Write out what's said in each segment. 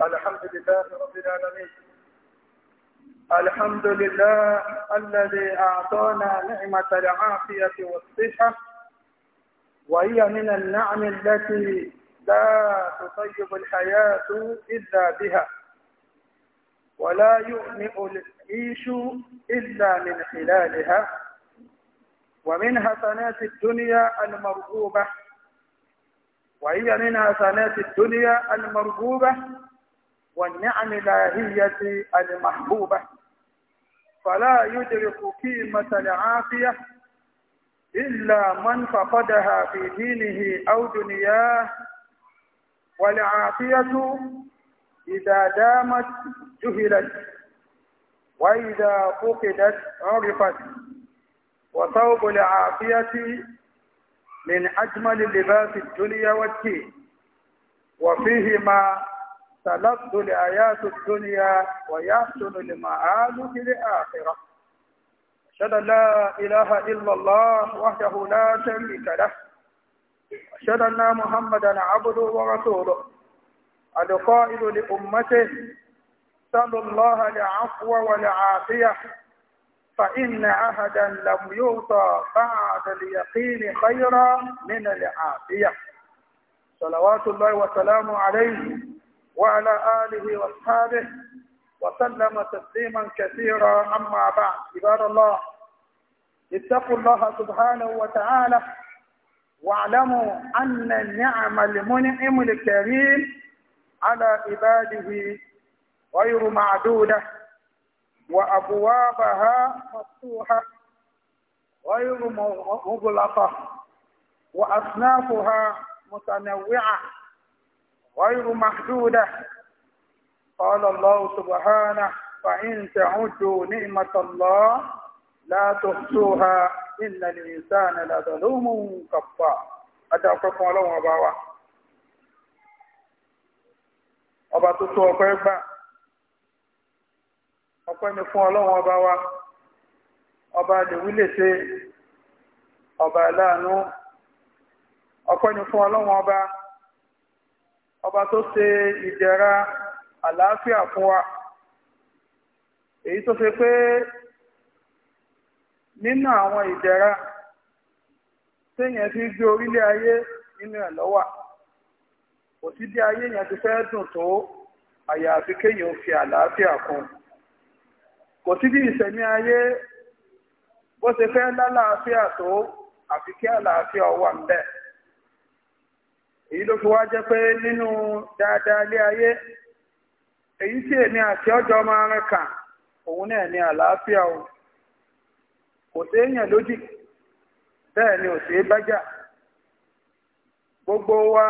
الحمد لله رب العالمين الحمد لله الذي أعطانا نعمة العافية والصحة وهي من النعم التي لا تطيب الحياة إلا بها ولا يؤمئ العيش إلا من خلالها ومنها حسنات الدنيا المرغوبة وهي من حسنات الدنيا المرغوبة والنعم الآهية المحبوبة فلا يدرك قيمة العافية إلا من فقدها في دينه أو دنياه والعافية إذا دامت جهلت وإذا فقدت عرفت وثوب العافية من أجمل لباس الدنيا والدين وفيهما تلذ لآيات الدنيا ويحسن المآل في الآخرة أشهد أن لا إله إلا الله وحده لا شريك له أشهد أن محمدا عبده ورسوله القائل لأمته صلى الله العفو والعافية فإن عهدا لم يوطى بعد اليقين خيرا من العافية صلوات الله وسلامه عليه وعلى آله وأصحابه وسلم تسليما كثيرا أما بعد عباد الله اتقوا الله سبحانه وتعالى واعلموا أن النعم المنعم الكريم على عباده غير معدودة وأبوابها مفتوحة غير مغلقة وأصنافها متنوعة غير محدودة قال الله سبحانه فإن تعدوا نعمة الله لا تحصوها إن الإنسان لظلوم كفار أتوقف ولو أبا أبا تتوقف ọpẹ́ ni fún ọlọ́run ọba wa ọba lèwí lè ṣe ọba aláàánú ọpẹ́ ni fún ọlọ́run ọba ọba tó ṣe ìdẹ̀ra àlàáfíà fún wa èyí tó ṣe pé nínú àwọn ìdẹ̀ra téèyàn fi gbé orílẹ̀ ayé nínú ẹ̀ lọ́wà kò sí bí ayé yẹn ti fẹ́ dùn tó àyàfi kéèyàn fi àlàáfíà kún kò sí bí ìsẹ̀mí ayé bó ṣe fẹ́ lálàáfíà tó àfi kí àlàáfíà wà ń bẹ̀. èyí ló fi wá jẹ́ pé nínú dáadáa ilé ayé èyí tí èmi àti ọjọ́ máa ń kà òun náà ní àlàáfíà o kò sí èèyàn lójì bẹ́ẹ̀ ni ò sí bájà gbogbo wa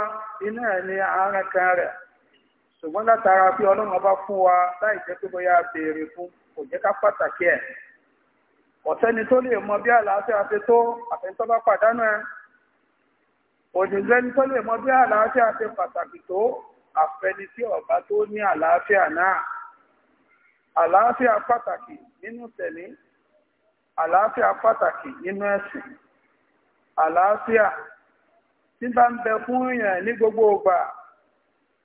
iná ẹ̀ ní àárín kan rẹ̀ ṣùgbọ́n látara pé ọlọ́run ọba fún wa láì jẹ́ pé bóyá béèrè fún kò jẹ́ ká pàtàkì ẹ̀ ọ̀sẹ́ni tó lè mọ bí àlàáfíà ṣe tó àfẹ́ntọ́ bá pàdánù ẹ̀ òṣìṣẹ́ni tó lè mọ bí àlàáfíà ṣe pàtàkì tó àfẹ́ni tí ọba tó ní àlàáfíà náà àlàáfíà pàtàkì nínú tẹ̀lé àlàáfíà pàtàkì nínú ẹ̀sìn àlàáfíà tí bá ń bẹ fún èèyàn ní gbogbo ìgbà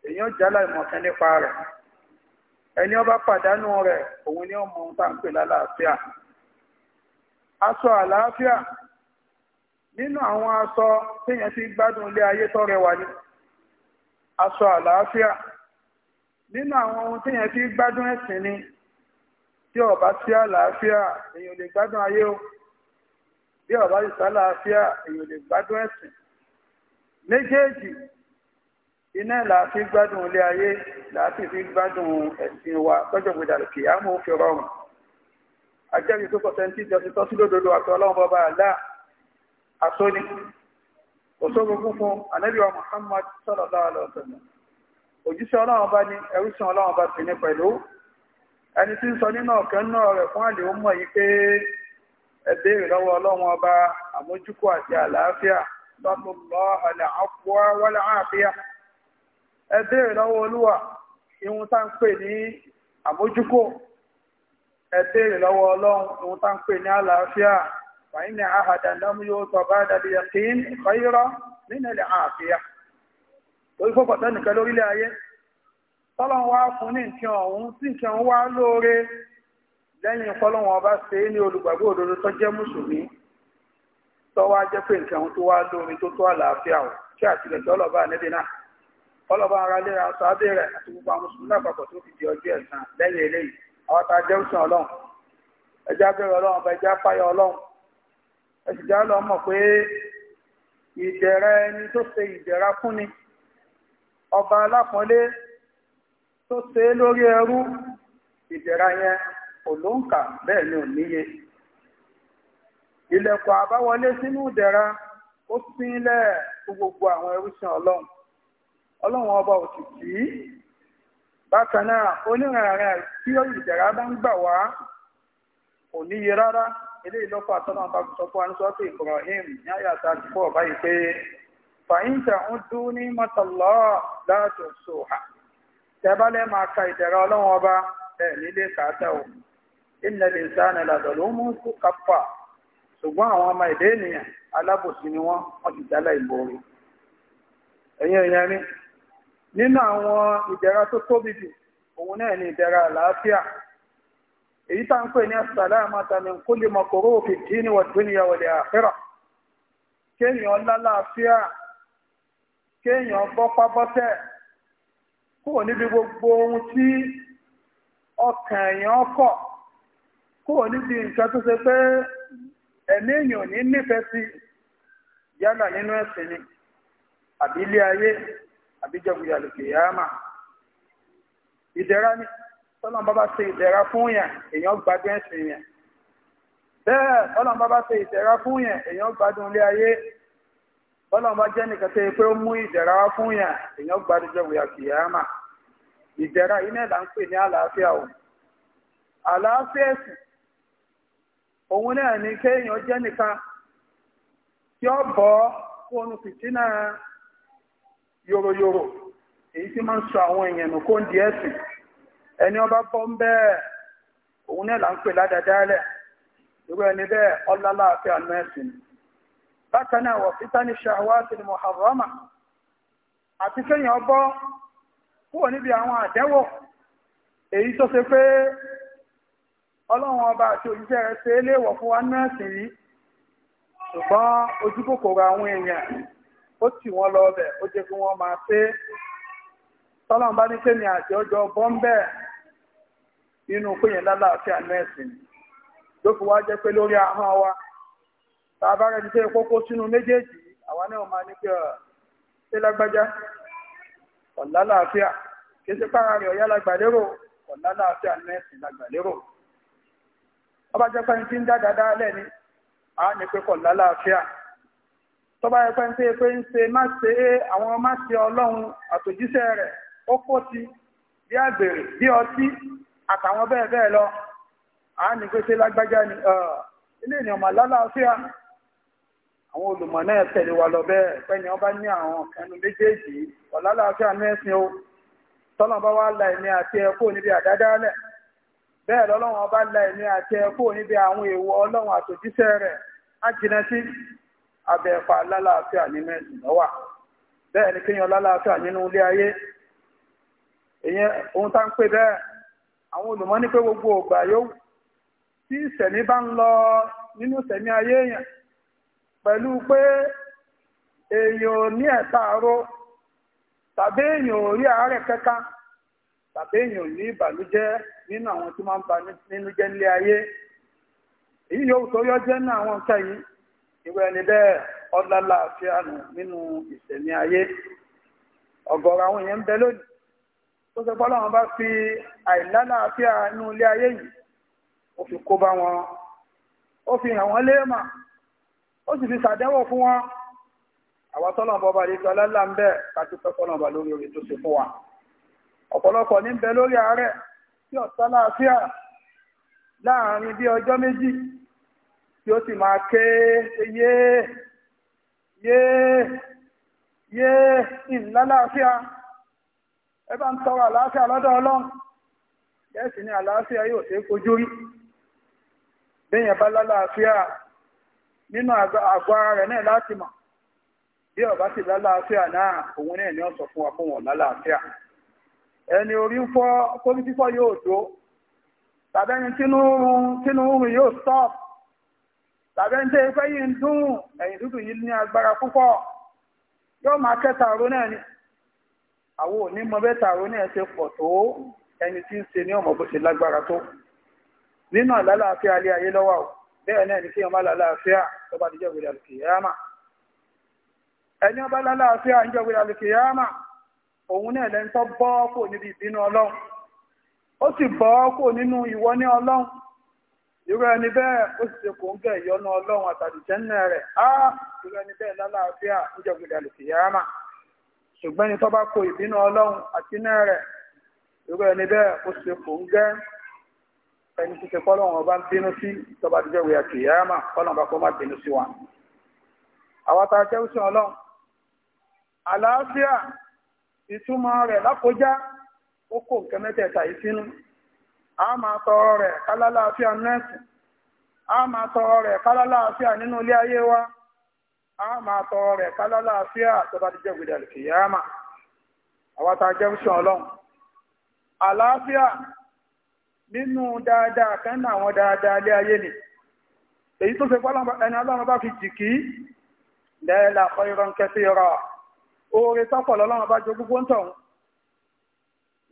èyàn jálà ìmọ̀kan nípa rẹ̀ ẹni ọba pàdánù rẹ̀ òun ni ọmọ ohun tá à ń pè lálàáfíà aṣọ àlàáfíà nínú àwọn aṣọ téèyàn fi gbádùn ilé ayé tó rẹwà ni aṣọ àlàáfíà nínú àwọn ohun téèyàn fi gbádùn ẹ̀sìn ni tí ó bá sí àlàáfíà èèyàn lè gbádùn ayé o bí ó bá sí àlàáfíà èèyàn lè gbádùn ẹ̀sìn méjèèjì iná làáfi gbádùn ilé ayé làáfi fi gbádùn ẹ̀sìn wa lọ́jọ́ gbèdàlù kì á mú òfin rọrùn àjẹ́rìí tó kọ̀tẹ́ tí ìjọsí tọ́ sí lódodo àti ọlọ́run bọ́ba àlá àsóní òṣogbo fúnfún Muhammad sallallahu alaihi wasallam òjíṣẹ́ ọlọ́run bá ní ẹrúṣin ọlọ́run bá sì ní pẹ̀lú ẹni tí ń sọ nínú ọ̀kẹ́ náà rẹ̀ fún àlè ó mọ̀ yí ẹ béèrè lọ́wọ́ olúwa ihun tá ń pè ní àmójúkò ẹ lọ́wọ́ ọlọ́run ihun tá ń pè ní àlàáfíà fàyín ní yóò sọ bá dàbí yàtín fàyírọ nínú nke àfíà lórí fọ́pọ̀ tó nìkan lórílẹ̀ ayé tọ́lọ́n wá fún ní nǹkan ọ̀hún ọba ṣe ní olùgbàgbọ́ òdodo tó jẹ́ mùsùlùmí tọ́wọ́ á jẹ́ pé nǹkan tó wá lóore tó tó àlàáfíà Ọlọba ara léra aṣọ abẹ́ àti gbogbo àwọn mùsùlùmí àpapọ̀ tó fi di ọjọ́ ẹ̀san lẹ́yìn eléyìí àwọn tá a jẹ́ òsàn ọlọ́run ẹjẹ́ abẹ́rẹ́ ọlọ́run ọba ẹjẹ́ apáyọ ọlọ́run ẹsì ọba tó ṣe lórí ẹrú yẹn kò ló ń kà bẹ́ẹ̀ gbogbo àwọn ọlọ́run ọlọ́run ọba òsì bákan náà onírànrà tí ìjẹ̀rà bá ń gbà wá kò níye rárá ilé ìlọ́pàá àtọ́nà ọba sọ fún Ibrahim ní àyà tàbí báyìí pé fàyíǹtà ń dún ní mọ́tàlọ́ láàtò máa ka ìjẹ̀rà ọlọ́run ọba ẹ̀ nílé kàátà ò ilẹ̀ lè sáànà làdọ̀ ló mú kú kápá ṣùgbọ́n àwọn ọmọ ènìyàn alábòsí ni wọ́n wọ́n ti ìgboro ẹ̀yìn ẹ̀yìn nínú àwọn ìdẹ̀ra tó tóbi jù òun náà ni ìdẹ̀ra àlàáfíà èyí tá ń pè ní as-salamata min kulli makrūh fi d-dīni wad-dunyā wal-ākhirah kéèyàn lálàáfíà kéèyàn bọ́pá bọ́tẹ̀ kúrò níbi gbogbo ohun tí ọkàn èèyàn kọ̀ kúrò níbi nǹkan tó ṣe pé ẹ̀mí èèyàn ní nífẹ̀ẹ́ sí yálà nínú ẹ̀sìn ni àbílẹ̀ ayé àbíjọ̀gbìyà lòkè yàámà ìdẹ̀ra ni tọ́lọ́n bá bá ṣe ìdẹ̀ra fún yẹn èèyàn gbádùn ẹ̀sìn yẹn bẹ́ẹ̀ bá bá ṣe fún yẹn èèyàn gbádùn ilé ayé tọ́lọ́n bá jẹ́ nìkan tẹ́ pé ó mú ìdẹ̀ra wá fún yẹn èèyàn gbádùn jọ̀gbìyà lòkè yàámà ìdẹ̀ra yìí náà là o àlàáfíà ẹ̀sìn òun náà ni kéèyàn jẹ́ nìkan tí bọ́ yoroyoro èyí tí máa ń sọ àwọn èèyàn nù kó ń di ẹni ọba bọ́ ń bẹ́ẹ̀ òun náà là ń pè ládàdálẹ̀ irú ẹni bẹ́ẹ̀ ọlọ́lá àti àánú ẹ̀sìn bákan náà wọ̀ fítání ṣàwáàtì ni muharrama àti kéèyàn bọ́ kúrò níbi àwọn àdẹ́wò èyí tó ṣe pé ọlọ́run ọba àti òjíṣẹ́ rẹ̀ ṣe é léèwọ̀ fún ẹ̀sìn yìí ṣùgbọ́n ojúkòkòrò ó tì wọ́n lọ ọbẹ̀ ó jẹ́ kí wọ́n máa pé tọ́lọ́n bá ní pé ní àti ọjọ́ bọ́ńbẹ́ nínú péyìn lálàáfíà nẹ́ẹ̀sì ni ló fi wá jẹ́ pé lórí ahọ́n wa tá a bá rẹ̀ ti pé kókó sínú méjèèjì àwa náà máa ní pé ọ̀ ṣé lágbájá ọ̀lá láàfíà kì í ṣe pára rẹ̀ ọ̀yá lágbàlérò ọ̀lá láàfíà nẹ́ẹ̀sì lágbàlérò ọba jẹ́ pé ní ti ń dá dáadáa lẹ́ni àá ní pé kọ̀ lálàáfíà sọba ẹ̀pẹ́ ń pé ń ṣe má ṣe é àwọn má ṣe ọlọ́run àtòjíṣẹ́ rẹ̀ ó kó ti bí àgbèrè bí ọtí àtàwọn bẹ́ẹ̀ lọ à lágbájá ni ilé ènìyàn mà lálàáfíà àwọn olùmọ̀ náà tẹ̀lé wa lọ bẹ́ẹ̀ pẹ́ni wọ́n bá ní àwọn méjèèjì o tọ́lọ̀ bá la ẹ̀mí àti ẹ̀kọ́ níbi àdádálẹ̀ bẹ́ẹ̀ ọba la ẹ̀mí àti ẹ̀kọ́ níbi àwọn èèwọ̀ ọlọ́run àtòjíṣẹ́ rẹ̀ á jìnà abẹ́ẹ̀fà lálàáfíà nínú ẹ̀sìn lọ́wà bẹ́ẹ̀ ni kíyàn lálàáfíà nínú ilé ayé èyí ohun tá ń pè bẹ́ẹ̀ àwọn olùmọ́ ní pé gbogbo ògbà yóò tí ìsẹ̀mí bá ń lọ nínú ìsẹ̀mí ayé èèyàn pẹ̀lú pé ò ní ẹ̀ta tàbí èèyàn ò rí àárẹ̀ kẹ́ka tàbí èèyàn ò ní ìbànújẹ́ nínú àwọn tí máa ń ba nínú jẹ́ nílé ayé èyí yóò tó yọ jẹ́ nínú àwọn nǹkan yìí ìwé ẹni bẹ́ẹ̀ ọlọ́lá àfihàn nínú ìsẹ̀mí ayé ọ̀gọ̀rọ̀ àwọn èèyàn ń bẹ lónìí tó ṣe pọ́lọ́wọ́n bá fi àìlálà àfihàn nínú ilé ayé yìí ó fi kó bá wọn ó fi hàn wọ́n léèmà ó sì fi ṣàdánwò fún wọn àwọn tọ́lọ̀ bọ́ bá rí tọ́ láàárín bí ọjọ́ méjì tí ó sì máa ké yé yé yé ìlàláàfíà ẹ bá ń tọrọ àlàáfíà lọ́dọ̀ ọlọ́run bẹ́ẹ̀ sì ni àlàáfíà yóò ṣe kojú rí béèyàn bá lálàáfíà nínú àgọ́ ara rẹ̀ náà láti mọ̀ bí ọba sì lálàáfíà náà òun náà ni ó sọ fún wa fún wọn lálàáfíà ẹni orí ń fọ́ fífọ́ yóò tàbẹ́ni tínú tàbẹ́ ń tẹ́ ìfẹ́ yìí ń dùn ẹ̀yìn dúdú yìí ní agbára púpọ̀ yóò máa kẹta ni àwọn òní mọ bẹ́ẹ̀ tààró náà ṣe pọ̀ tó ẹni tí ń ṣe ní ọmọ bó ṣe lágbára tó nínú àlàáfíà ayé lọ́wọ́ o bẹ́ẹ̀ náà ni kí ọmọ àlàáfíà tó bá ti ẹni lálàáfíà ń ìwé òun náà irú ẹni bẹ́ẹ̀ ó sì ṣe kò ń gẹ̀ ìyọnu ọlọ́run àtàlùjẹ́ rẹ̀ á irú ẹni bẹ́ẹ̀ lálàáfíà níjọ̀gbìlẹ̀ àlùkìyàmà ṣùgbọ́n ẹni tó bá kó ìbínú ọlọ́run àti iná rẹ̀ irú ẹni bẹ́ẹ̀ ó ṣe kò ń gẹ́ ẹni tó ṣe kọ́lọ́run ọba ń bínú sí tó bá níjọ̀gbìlẹ̀ àlùkìyàmà kọ́lọ́run bá kó má bínú sí wa. àwa tá jẹ́ ọlọ́run a máa tọrọ rẹ̀ kálálàáfíà nẹ́ẹ̀sì a máa kálálàáfíà nínú ilé ayé wa a máa kálálàáfíà tó bá ti jẹ́ gbèdà kìyàmà àwọn tá a sùn ọlọ́run àlàáfíà nínú dáadáa àwọn dáadáa ilé ni èyí tó ẹni ọlọ́run bá fi lẹ́ẹ̀lá oore lọ́lọ́run bá jogún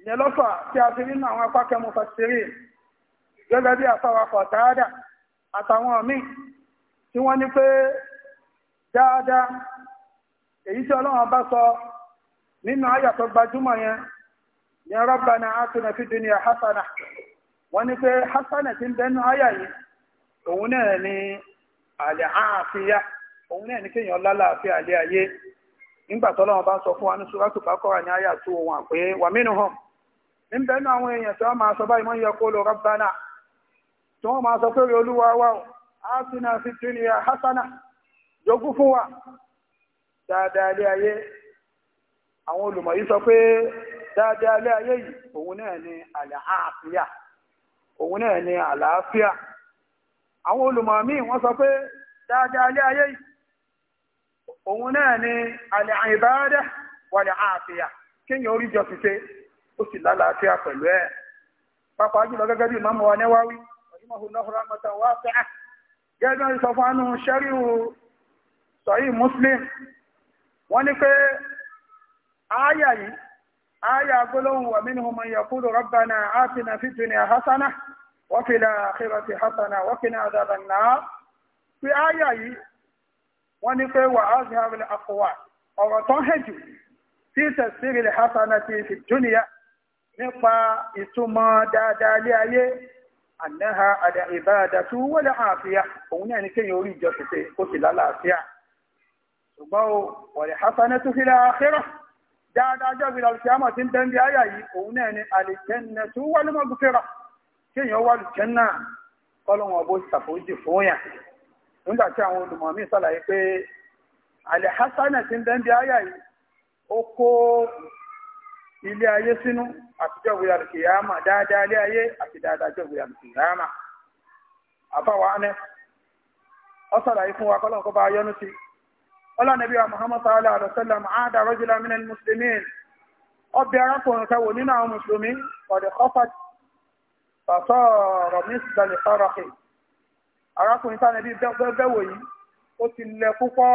ìyẹn lọ́fà tí a fi nínú àwọn apá kẹmọ fàṣírí gẹ́gẹ́ bí àfàwàfà tààdà àtàwọn míì tí wọ́n ní pé dáadáa èyí tí ọlọ́run bá sọ nínú àyà gbajúmọ̀ yẹn yẹn hasana wọ́n ní pé hasana ti ń yìí òun náà ni àlẹ́ àáfíà òun náà kéèyàn ayé nígbà bá sọ fún wa ní ní tó oh wọn níbẹ̀ náà àwọn èèyàn tí wọ́n máa sọ báyìí mọ́ yẹ kó lọ rabbana tí wọ́n máa sọ pé rí olúwa fi hasana jogún fún wa dáadáa ayé àwọn olùmọ̀ yìí sọ pé dáadáa ilé ayé yìí òun náà ni àlàáfíà òun náà ni àlàáfíà àwọn olùmọ̀ míì wọ́n sọ pé dáadáa ilé ayé yìí òun náà ni àlàáfíà wàlàáfíà orí jọ ti ṣe ó sì lálàáfíà pẹ̀lú ẹ̀ pàápàá jùlọ gẹ́gẹ́ bí ìmáàmù wa Nawawi rahimahullahu rahmatan wasi'a gẹ́gẹ́ bí sọ fánú ṣẹ́ríù sọ̀yí Muslim wọ́n ní pé ááyà yìí ááyà gbólóhùn wa minhum man yaqulu rabbana atina fid dunya hasana wa fil akhirati hasana wa qina adhaban nar pé ááyà yìí wọ́n ní pé wà áàzì àwìlẹ̀ àkọwà ọ̀rọ̀ tó hẹ̀jù sí tẹ̀sírì hasana ti fi dunya nípa ìtumọ̀ dáadáa lé ayé ànáha àdá ìbáradà tó wọlé àáfíà òun náà ní kéèyàn orí ìjọ tètè kó sì lálàáfíà ṣùgbọ́n o wọ̀lẹ̀ hasanẹ́ tó fi láàkírà dáadáa jọ́ fi lọ́ọ̀kì àmọ̀ tí ń bẹ́ẹ̀ bí àyà yìí òun náà ní àlìjẹ́nà tó wọlé mọ́gùfẹ́rà kéèyàn wà lùjẹ́nà kọ́lọ́wọ́n bó ṣàfojì fún yàn nígbà tí àwọn olùmọ̀mí sàlàyé pé àlẹ̀ tí ń bẹ́ẹ̀ bí àyà yìí ó kó ilé ayé sínú àtijọ́ ìwé àlùkìyàmà dáadáa ilé ayé àti dáadáa jọ ìwé àlùkìyàmà àfàwà ánẹ ọsọdà yìí fún wa kọlọn kọba ayọnu sí ọlọ́nà bí wa muhammad sallallahu alaihi wa sallam àádá rọ́jìlá min al-muslimin ọbẹ̀ arákùnrin kẹwò nínú àwọn mùsùlùmí ọ̀dẹ̀ kọfàt pàṣọ ọ̀rọ̀ mi sì dalẹ̀ fọ́rọ̀kì arákùnrin sáré bí bẹ́wò yìí ó ti lẹ púpọ̀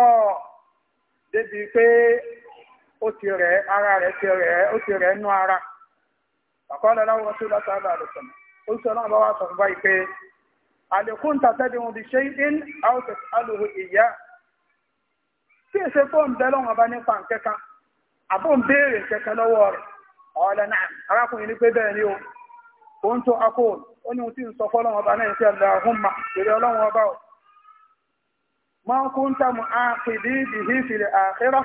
débi pé ó ti rẹ̀ ara rẹ̀ ti rẹ̀ ó ti rẹ̀ nú ara ọ̀kọ́lẹ̀ láwọn tó lọ́sọ̀ àbá àlùsọ̀nà ó sọ náà bá wà sọ̀rọ̀ báyìí pé àlékún tàtẹ́dì wọn bí ṣe in out of aluhu ìyá tí èsè fóun bẹ́ lọ́wọ́ bá nípa nkẹ́kan àbó ń béèrè kẹ́kẹ́ lọ́wọ́ rẹ̀ ọ̀ọ́lẹ̀ náà arákùnrin ní pé bẹ́ẹ̀ ni o kò ń tó akóòn ó ní ohun tí ń sọ fọ́lọ́wọ́ ọba náà ṣe àlàáhùnmá èrè ọlọ́wọ́ ọba o máa kún tàmù áàkìdí bìhí fìlẹ̀ àkírọ́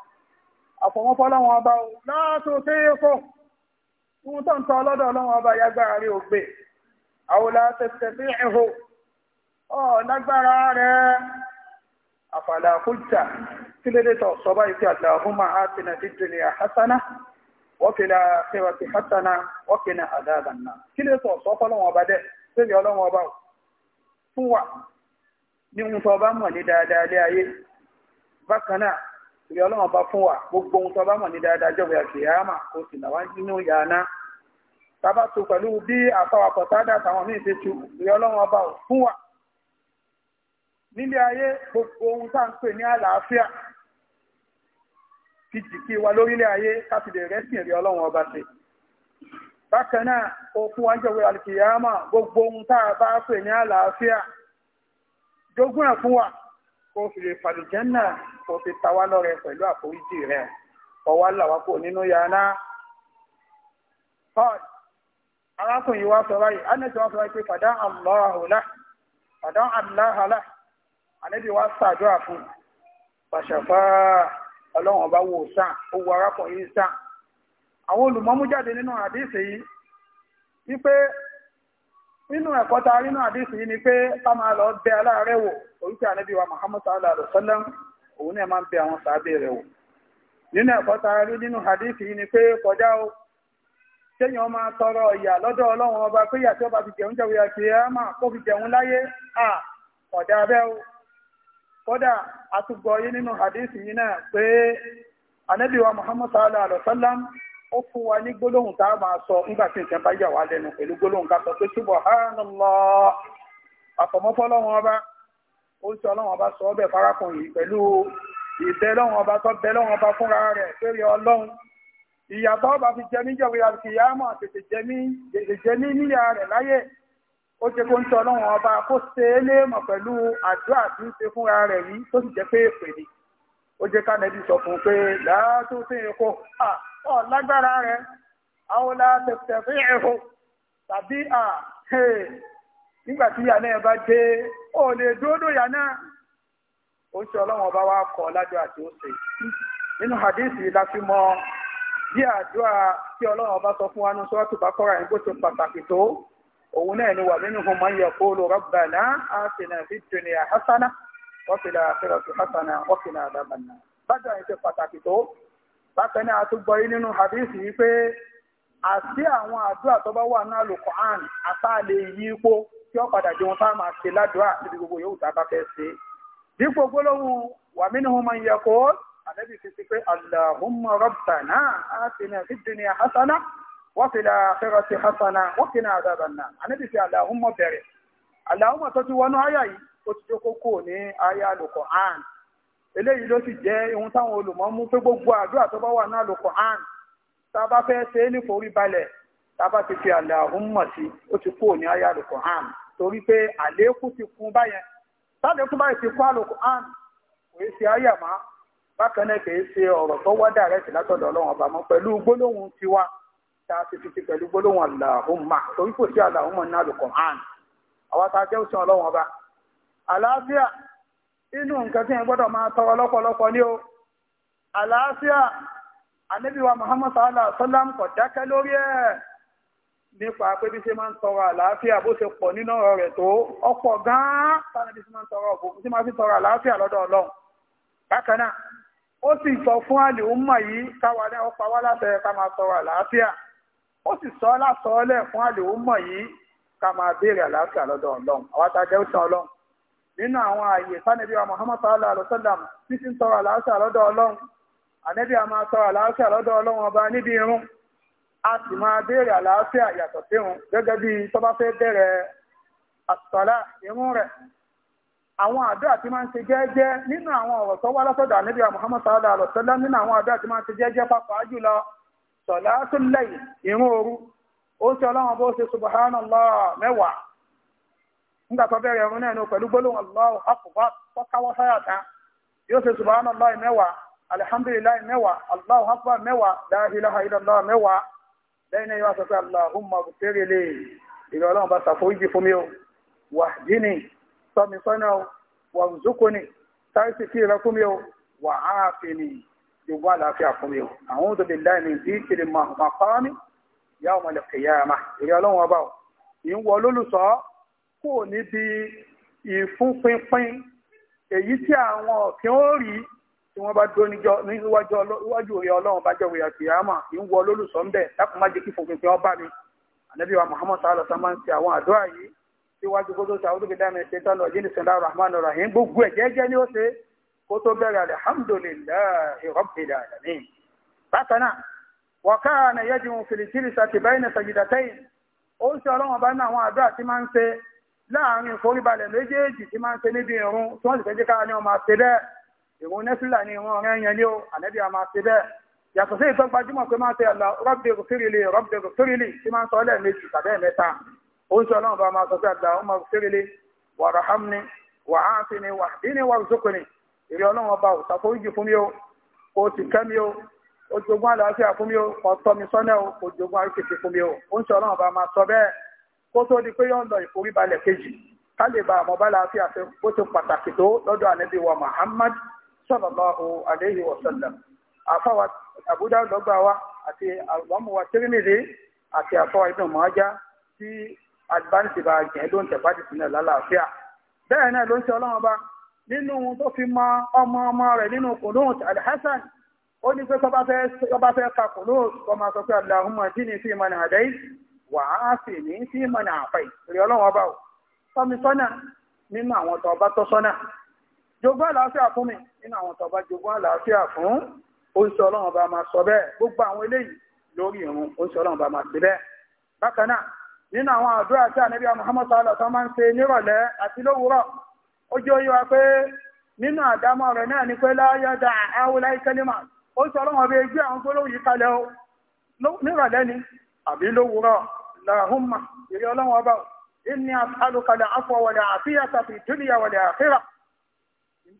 àfọwọ́fọ́ lọ́wọ́n ọba o látò tí ó kọ́ ohun tó ń tọ́ ọlọ́dọ̀ ọlọ́wọ́n ọba yágbára rí ògbé àwòlá tẹ̀tẹ̀ sí ẹ̀hó ọ lágbára rẹ̀ àfàlà kújà kí lédè tó sọ báyìí pé àdàhùnmá àtinà dídùn ní àhásánà wọ́kìlá àfẹ́wàtì hásánà wọ́kìlá àdáàdànà kí lédè tó sọ fọ́lọ́wọ́n ọba dẹ́ ọlọ́wọ́n ọba fún wa ní ohun tó ọba mọ̀ ní dáadáa lé ayé bákan náà ìrẹ́ ọlọ́run bá fún wa gbogbo ohun tó bá mọ̀ ní dáadáa jọ̀wọ́ ẹ̀ kìyàmà kò sì náwá nínú yàrá tábà tó pẹ̀lú bí àfàwàpọ̀ sádà àtàwọn míì ti tu ìrẹ́ ọlọ́run ọba ò fún wa nílé ayé gbogbo ohun tá à ń pè ní àlàáfíà ti jìkì wa lórílẹ̀ ayé káfí lè rẹ́sìn ìrẹ́ ọlọ́run ọba ṣe bákan náà ó fún wa jọ̀wọ́ ẹ̀ kìyàmà gbogbo ohun tá a bá pè ní àlàáfíà jogún fún wa kó fi lè fàlùjẹ́ náà kó fi ta wá lọ́rẹ pẹ̀lú àforíjì rẹ̀ ọwọ́ làwákò nínú yàrá. paul arákùnrin wa sọ báyìí anẹ́tí wa sọ báyìí pé fàdán àlọ́hàlá fàdán àlọ́hàlá anẹ́bí wa ọlọ́run ọba wò sàn wo arákùnrin sàn. àwọn olùmọ́mú jáde nínú àdìsí yìí nínú ẹ̀kọ́ ta lọ bẹ aláàárẹ̀ wò orúkọ ànábì wa muhammad sallallahu alaihi wa sallam òun náà máa ń bẹ àwọn sàábẹ̀ rẹ̀ wò nínú ẹ̀kọ́ tara rí nínú hadithi yìí ni pé kọjá o kéèyàn máa tọrọ ìyà lọdọ ọlọ́run ọba pé ìyà tí ọba fi jẹun jẹun yàtì ẹ̀ máa kó fi jẹun láyé à kọjá o kódà yìí nínú hadithi yìí náà pé ànábì wa muhammad sallallahu alaihi wa sallam ó fún wa ní gbólóhùn a máa sọ nígbà tí nǹkan bá yà wá lẹ́nu pẹ̀lú gbólóhùn ká sọ pé ó ń sọ ọlọ́run ọba sọ ọbẹ̀ farakùn yìí pẹ̀lú ìbẹ́ lọ́run ọba tó bẹ lọ́run ọba fúnra rẹ̀ péré ọlọ́run ìyàtọ̀ ọba fi jẹ mí jọ̀wé àti ìyáàmọ̀ tètè jẹ mí níyà rẹ̀ láyé ó ṣe kó ń sọ ọlọ́run ọba kó ṣe é léèmọ̀ pẹ̀lú àdúrà tí ń ṣe fúnra rẹ̀ yìí tó sì jẹ́ pé èpè ni ó jẹ́ ká nẹ́bí sọ fún un pé láàtú sí ikú ọ̀ lágbára rẹ̀ àwọn látẹ̀tẹ̀ fi ẹ̀hó tàbí nígbà tí ìyá náà bá dé ó lè dúró ìyá náà ó ń ṣe ọlọ́run ọba wa kọ ládùúgbà tí ó nínú hadithi la fi mọ bí àdúrà tí ọlọ́run ọba sọ fún wa ní sọ́ọ́tù bá kọ́ra ẹ̀ bó ṣe pàtàkì tó òun náà ni wà nínú kó hasana wa fil akhirati hasana wa qina bájọ́ ṣe pàtàkì tó bákan náà a gbọ́ nínú hadithi yìí pé àti tí ó padà jẹun tá a máa ṣe ládùúrà níbi gbogbo yòówù tá a bá fẹ́ ṣe. dípò gbólóhùn wa minhum man yaqul ànábì fi si pé Allahumma rabbana atina fid dunya hasana wa fil akhirati hasana wa qina adhaban nar ànábì fi Allahumma bẹ̀rẹ̀ Allahumma tó ti wọnú àyà yìí ó ti jókòó kò ní àyà Al-Qur'an eléyìí ló sì jẹ́ ohun táwọn olùmọ̀ mú pé gbogbo àdúrà tó bá wà ní Al-Qur'an tá a bá fẹ́ ṣe é níforí balẹ̀ tá a bá ti fi Allahumma sí ó ti kò ní àyà Al-Qur'an torí pé àlékún ti kún báyẹn sáàlékún báyìí ti kún àlòkù án kìí ṣe ayàmá bákan náà kìí ṣe ọ̀rọ̀ tó wá dàrẹ́tì látọ̀dọ̀ ọlọ́run ọba mọ́ pẹ̀lú gbólóhùn tiwa tá a ti fi ti pẹ̀lú gbólóhùn àlàhùnmá torí kò sí àlàhùnmá ní àlòkù án àwa tá a jẹ́ òṣìṣẹ́ ọlọ́run ọba àlàáfíà inú nǹkan tí yẹn gbọ́dọ̀ máa tọrọ lọ́pọ̀lọpọ̀ ní o àlàáfíà ànábì wa Muhammad sallallahu alaihi wasallam kò dákẹ́ lórí ẹ̀ nípa pé bí ṣe máa ń tọrọ àlàáfíà bó ṣe pọ̀ nínú ọ̀rọ̀ rẹ̀ tó ọ̀pọ̀ gan-an tánà bí ṣe máa ń tọrọ ọ̀bọ̀ ṣe máa fi tọrọ àlàáfíà lọ́dọ̀ ọlọ́run bákan náà ó fún yìí káwa náà ó pa tọrọ àlàáfíà ó sì sọ fún yìí ká béèrè àlàáfíà lọ́dọ̀ ọlọ́run àwa ta jẹ́ òtún ọlọ́run nínú àwọn wa Muhammad sallallahu a máa tọrọ àlàáfíà lọ́dọ̀ a sì máa béèrè àlàáfíà yàtọ̀ sí òun gẹ́gẹ́ bí tó bá fẹ́ bẹ̀rẹ̀ àtọ̀lá irun rẹ̀ àwọn àdúrà tí máa ń ṣe jẹ́ẹ́jẹ́ nínú àwọn ọ̀rọ̀ tó wá lọ́sọ̀dọ̀ ànábì Muhammad sallallahu alaihi wasallam nínú àwọn àdúrà tí máa ń ṣe jẹ́ẹ́jẹ́ pàápàá jùlọ sọ̀lá tó lẹ́yìn irun oru ó ṣe ọlọ́run bó ṣe subhanallah mẹ́wàá nígbà Allahu tó káwọ́ sáyà tán yóò ṣe mẹ́wàá mẹ́wàá Allahu mẹ́wàá lẹ́yìn náà yóò sọ pé Allahumma bùkẹ́rì lè ìrọ̀ ọlọ́run bá ṣàforíjì fún mi o wahdini tọ́mi sọ́nà o warzuqni táìsì kí rẹ fún mi o wa aafini gbogbo àlàáfíà fún mi o a'udhu billahi min dhikri maqami yawmal qiyamah ìrọ̀ ọlọ́run ọba o ìwọ lólùsọ kò níbi ìfúnpinpin èyí tí àwọn ọ̀kìn ó rí tí wọ́n bá dúró níjọ́ níwájú òye ọlọ́run bá jẹ́wèé àkìyàmà ń wọ lólùsọ̀ ń bẹ̀ dákun má jẹ́ kí fòpinpin ọba mi ànábì wa muhammad sallallahu alaihi wa sallam ń ṣe àwọn àdúrà yìí síwájú kó tó ṣe àwọn dáhùn ẹ̀ṣẹ̀ tánà ọ̀jẹ́ nìṣẹ̀lá rahman rahim gbogbo ẹ̀ jẹ́jẹ́ ni ó ṣe kó tó bẹ̀rẹ̀ alhamdulillahi rabbil alamin. bákan náà wa kana yajmu fil jilsati bayna sajdatayn ó ń ṣe ọlọ́run bá ní àwọn àdúrà tí máa ń ṣe láàrin wọ́n sì fẹ́ jẹ́ káwọn ní ìrún nẹ́fìlà ni ìrún rẹ̀ yẹn ní o ànẹ́bí a máa ṣe bẹ́ẹ̀ yàtọ̀ sí ìtọ́ gbajúmọ̀ pé máa ṣe àlà rọ́bìdèrò fírílì rọ́bìdèrò fírílì tí máa ń sọ lẹ́ẹ̀mejì tàbí ẹ̀mẹ́ta oúnjẹ ọlọ́run bá máa sọ pé àlà ọmọ fírílì wà rahamni wà áńfini wà dínní wà rùzókòní ìrì ọlọ́run ọba ò ṣàforíjì fún mi o kò sì kẹ́ mi o ó àlàáfíà fún mi o kò tọ́ mi sọ́nà o kò jogún àríkèsí fún mi o oúnjẹ ọlọ́run bá máa sọ bẹ́ẹ̀ kó tó di pé yọ̀ǹdọ̀ ìforíbalẹ̀ kejì ká lè ba àmọ́ bá làáfíà fẹ́ bó ti pàtàkì tó lọ́dọ̀ ànẹ́bí wa Muhammad sallallahu alayhi wa sallam àfáwà àbúdá lọ́gbà wa àti àwọmọ̀wà tírímìlì àti àfáwà ibn Majah tí advanti bá jẹ́ ló ń tẹ̀bá ti sinẹ̀ lálàáfíà bẹ́ẹ̀ náà ló ń ṣe ọlọ́run bá nínú tó fi mọ ọmọ ọmọ rẹ̀ nínú kùnúùt alhassan ó ní pé tọ́ba fẹ́ ka kùnúùt kọ́ máa sọ pé allahumma jini fi man hadayt wa afini fi man afayt rí ọlọ́run ọba ò tọ́mi sọ́nà nínú àwọn tọ́ba tó sọ́nà jogún àlàáfíà fún mi nínú àwọn tọba jogún àlàáfíà fún oṣù ọlọ́run bá máa sọ bẹ́ẹ̀ gbogbo àwọn eléyìí lórí ìrun oṣù ọlọ́run bá máa ṣe bẹ́ẹ̀ bákan náà nínú àwọn àdúrà tí ànábì Muhammad sallallahu alaihi máa ń ṣe nírọ̀lẹ́ àti lówùúrọ̀ ó oyé wa pé nínú àdámọ́ rẹ̀ náà ni pé láyọ́dà àwòlá ìkẹlẹ́mà ó àwọn gbólóhùn yìí ni àbí làhùnmà ọba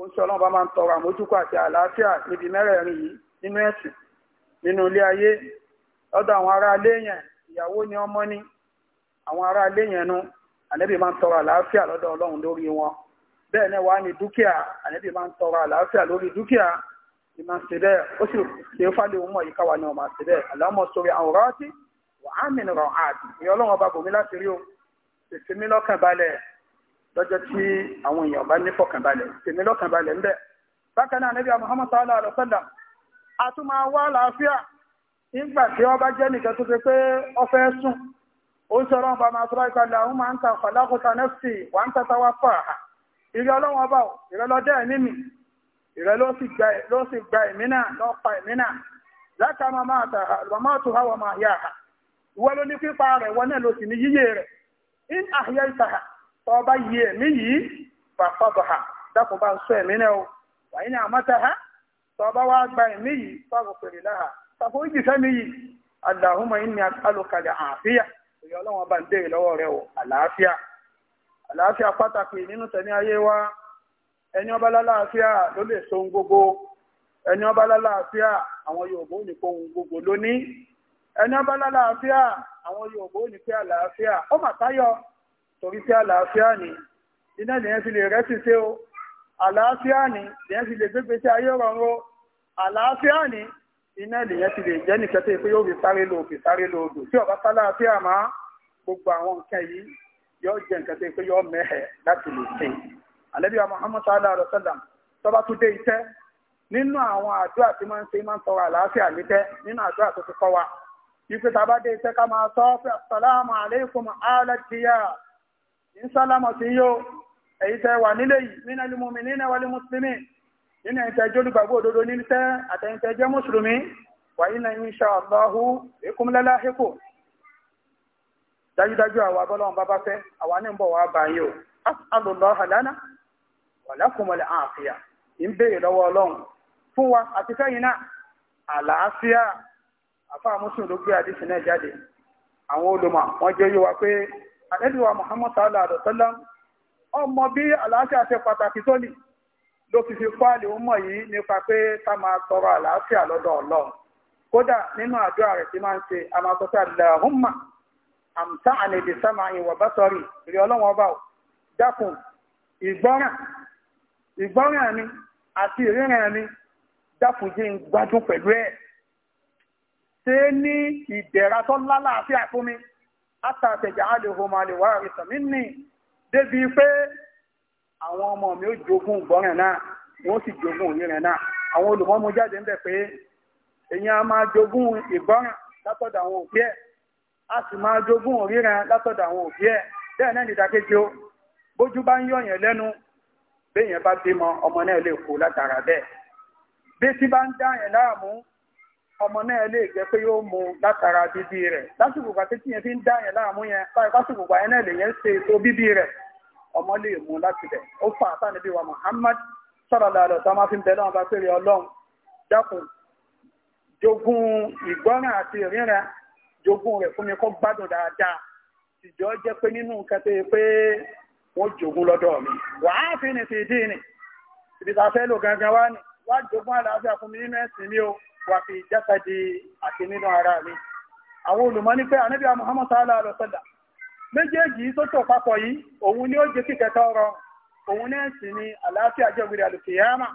ó ń sọ ọlọ́run bá máa ń tọrọ àmójúkọ àti àlàáfíà níbi mẹ́rẹ̀ẹ̀rin yìí nínú ẹ̀sìn nínú ilé ayé lọ́dọ̀ àwọn ará ilé yẹn ìyàwó ni ọmọ ni àwọn ará ilé yẹn nu ànábì máa ń tọrọ àlàáfíà lọ́dọ̀ ọlọ́run lórí wọn bẹ́ẹ̀ náà wá ní dúkìá ànábì máa ń tọrọ àlàáfíà lórí dúkìá ni máa ń ṣe bẹ́ẹ̀ ó sì ṣe é fálẹ̀ òun mọ̀ yìí káwa ni ọ̀ máa ṣe bẹ́ẹ̀ àlámọ̀ sórí àwọn ọ̀rọ̀ àti wàhámìnirọ̀ àti ìyọ́ ọlọ́run ọba bòmí láti rí o tètè mí lọ́kàn balẹ̀ lọ́jọ́ tí àwọn èèyàn bá ní fọkànbalẹ̀ tèmi lọ́kànbalẹ̀ ń bẹ̀. bákan náà níbi Muhammad sallallahu alaihi wasallam a tún máa wá làáfíà nígbà tí wọ́n bá jẹ́ nìkan tó ṣe pé ó fẹ́ sùn ó ń sọ̀rọ̀ ọba máa sọ̀rọ̀ ìkọlẹ̀ àwọn máa ń ta fàlákùtà nẹ́fì wà ń tata wá fà á ìrẹ́ ọlọ́wọ́n ọba ò ìrẹ́ lọ dẹ́ ẹ̀mí mi ìrẹ́ ló sì gba ẹ̀mí náà lọ́ pa ẹ̀mí náà láti àwọn máa tó háwọ̀ máa yá a ìwọ ló ní pípa rẹ̀ wọ́n náà ló sì ní yíyé rẹ̀ in àhíyá ìtàhà t'ọba yi yí yi yìí ha hà dákun bá ń sọ náà o wàyí ni ha t'ọba wa wá gba ẹ̀mí yìí fàbọ̀ pèrè láhà tàbí ìjì sẹ́mi yìí aláhùnmọ̀ yìí ni alùkàlẹ̀ òye ọlọ́wọ́n bá ń dé lọ́wọ́ rẹ o àlàáfíà àlàáfíà pàtàkì nínú ayé wa ẹni ọba lálàáfíà ló lè so gbogbo ẹni ọba lálàáfíà àwọn torí pé àlàáfíà ni iná lèyàn fi lè rẹ́sì sí o àlàáfíà ni lèyàn fi lè gbégbé sí ayé rọrùn o àlàáfíà ni iná lèyàn fi lè jẹ́ nìkan tó yẹ pé yóò fi sáré lo òkè sáré lo odò tí ọba sálàáfíà má gbogbo àwọn nǹkan yìí yóò jẹ́ nǹkan tó yẹ pé yóò mẹ́hẹ̀ láti lè ṣe àlẹ́bíà Muhammad sallallahu alaihi wa sallam tọ́ba tó dé iṣẹ́ nínú àwọn àdúrà tí máa ń ṣe máa ń tọrọ àlàáfíà nítẹ́ nínú àdúrà tó ti kọ́ wa ìpè tàbá iṣẹ́ ká máa sọ pé assalamu alaikum ala diyar ń sálámọ̀ sí yóò èyí tẹ́ wà nílé yìí nínú ẹlùmọ̀mí nínú ẹwà mùsùlùmí nínú ẹ̀tẹ́ jólùgbàgbọ́ òdodo ní tẹ́ àtẹ̀yìntẹ́ jẹ́ mùsùlùmí wà nínú insha Allahu ikúnlẹ́lá hípò dájúdájú àwa bọ́lọ́run bá bá fẹ́ àwa ní ń bọ̀ wá bá yìí o as'alullaha lana wa lakumul afiya ń béèrè lọ́wọ́ ọlọ́run fún wa àti fẹ́yìn náà àlàáfíà ló gbé àdìsí náà jáde àwọn olùmọ̀ wọ́n jẹ́ wa pé àlẹ́bíwá Muhammad Salah, alaihi wa sallam ọmọ bí àlàáfíà ṣe pàtàkì tó ní ló fi fi fáàlì ọmọ yìí nípa pé ká máa tọrọ àlàáfíà lọ́dọ̀ Ọlọ́run kódà nínú àdúrà rẹ̀ tí máa ń ṣe àmàtọ́sí Allahumma àmta àlèdè sáma ìwà bá sọrí ìrì Ọlọ́run ọba dákun ìgbọ́ràn ìgbọ́ràn mi àti ìríran mi dákun jẹ́ ń gbádùn pẹ̀lú ẹ̀ ṣe ní ìdẹ̀ra tó lálàáfíà fún mi a àlèhùnmá lè wá àrísàn mí nì débi pé àwọn ọmọ mi ó jogún náà wọ́n sì jogún náà àwọn olùmọ́mú jáde ń bẹ̀ pé a máa jogún ìgbọ́ràn látọ̀dọ̀ àwọn òbí ẹ̀ a sì máa jogún látọ̀dọ̀ àwọn òbí ẹ̀ bẹ́ẹ̀ náà ó bójú bá ń lẹ́nu bá bímọ ọmọ náà lè látara bẹ́ẹ̀ bí tí bá ń dá yẹn ọmọ náà lè jẹ́ pé yóò mú látara bíbí rẹ̀ lásìkò gbà títí yẹn fi ń dá yẹn láàmú yẹn báyìí lásìkò gbà yẹn náà lè yẹn ṣe ètò bíbí rẹ̀ ọmọ lè mú láti bẹ̀ ó fà á níbi wa Muhammad sallallahu alaihi wasallam máa fi ń bẹ lọ́wọ́ bá pèrè ọlọ́run dákun jogun ìgbọ́ràn àti ìríran jogun rẹ̀ fún mi kó gbádùn dáadáa ìjọ jẹ́ pé nínú nǹkan pé wọ́n jogun lọ́dọ̀ mi wàá fi ní fi dín ní ibi wá jogún àlàáfíà fún mi nínú ẹ̀sìn mi o wà fi àti nínú ara mi àwọn olùmọ́ni pé ànábì Muhammad sallallahu ala méjèèjì tó tò yìí òun ni ó òun ní ni àlàáfíà jẹ́ ògbèrè àlùkìyàmà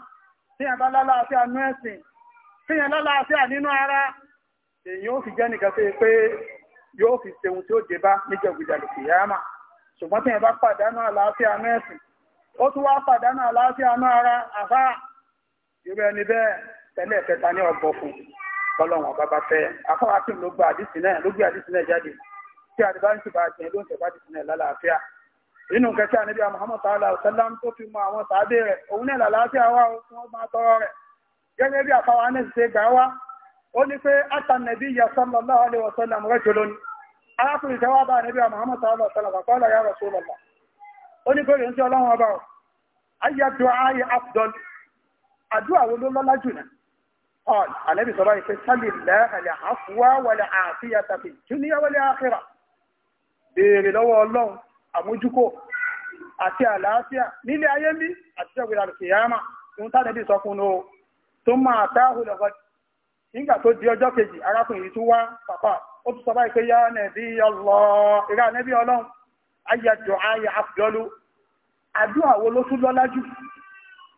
bá lálàáfíà nú lálàáfíà ara èyí ó fi fi ṣe ohun tí ó dé bá níjẹ́ ògbèrè àlùkìyàmà ṣùgbọ́n tí bá pàdánù àlàáfíà ara irú ẹni bẹ́ẹ̀ tẹ́lẹ̀ kẹta ní ọgbọ̀ fún ọlọ́wọ̀n bàbá fẹ́ afọ́wà tí ló gba àdìsí náà ló gbé àdìsí náà jáde tí àdìbá ń ṣùgbọ́n àjẹ́ ló ń tẹ̀bá àdìsí náà lálàáfíà inú kẹta níbi Muhammad sallallahu alaihi wasallam tó fi mọ àwọn sàábé rẹ̀ òun náà lálàáfíà wà ó fún ọmọ àtọrọ rẹ̀ gẹ́gẹ́ bí àfáwà náà ṣe gbà wá ó ní pé àtànàbí ya sallallahu alaihi ọlọ́run ọba àdúrà wo ló lọ́lá jù náà ọ̀n àlẹ́bí sọ báyìí pé sálì lẹ́hàlẹ̀ àfúwá wọlé àfíyà tàbí júníyà wọlé àkírà béèrè lọ́wọ́ ọlọ́run àmójúkò àti àlàáfíà nílé ayé mi àti ṣẹ́gun ìlànà kìyàmà ohun tá àlẹ́bí sọ fún un tó máa tá àhùlẹ̀ ọ̀gọ́dì nígbà tó di ọjọ́ kejì arákùnrin yìí tún wá pàpà ó tún sọ báyìí pé yá nẹ̀bí Allah ìrà nẹ́bí ọlọ́run ayé àjọ ayé àfùjọ́lù àdúrà wo ló tún lọ́lá jù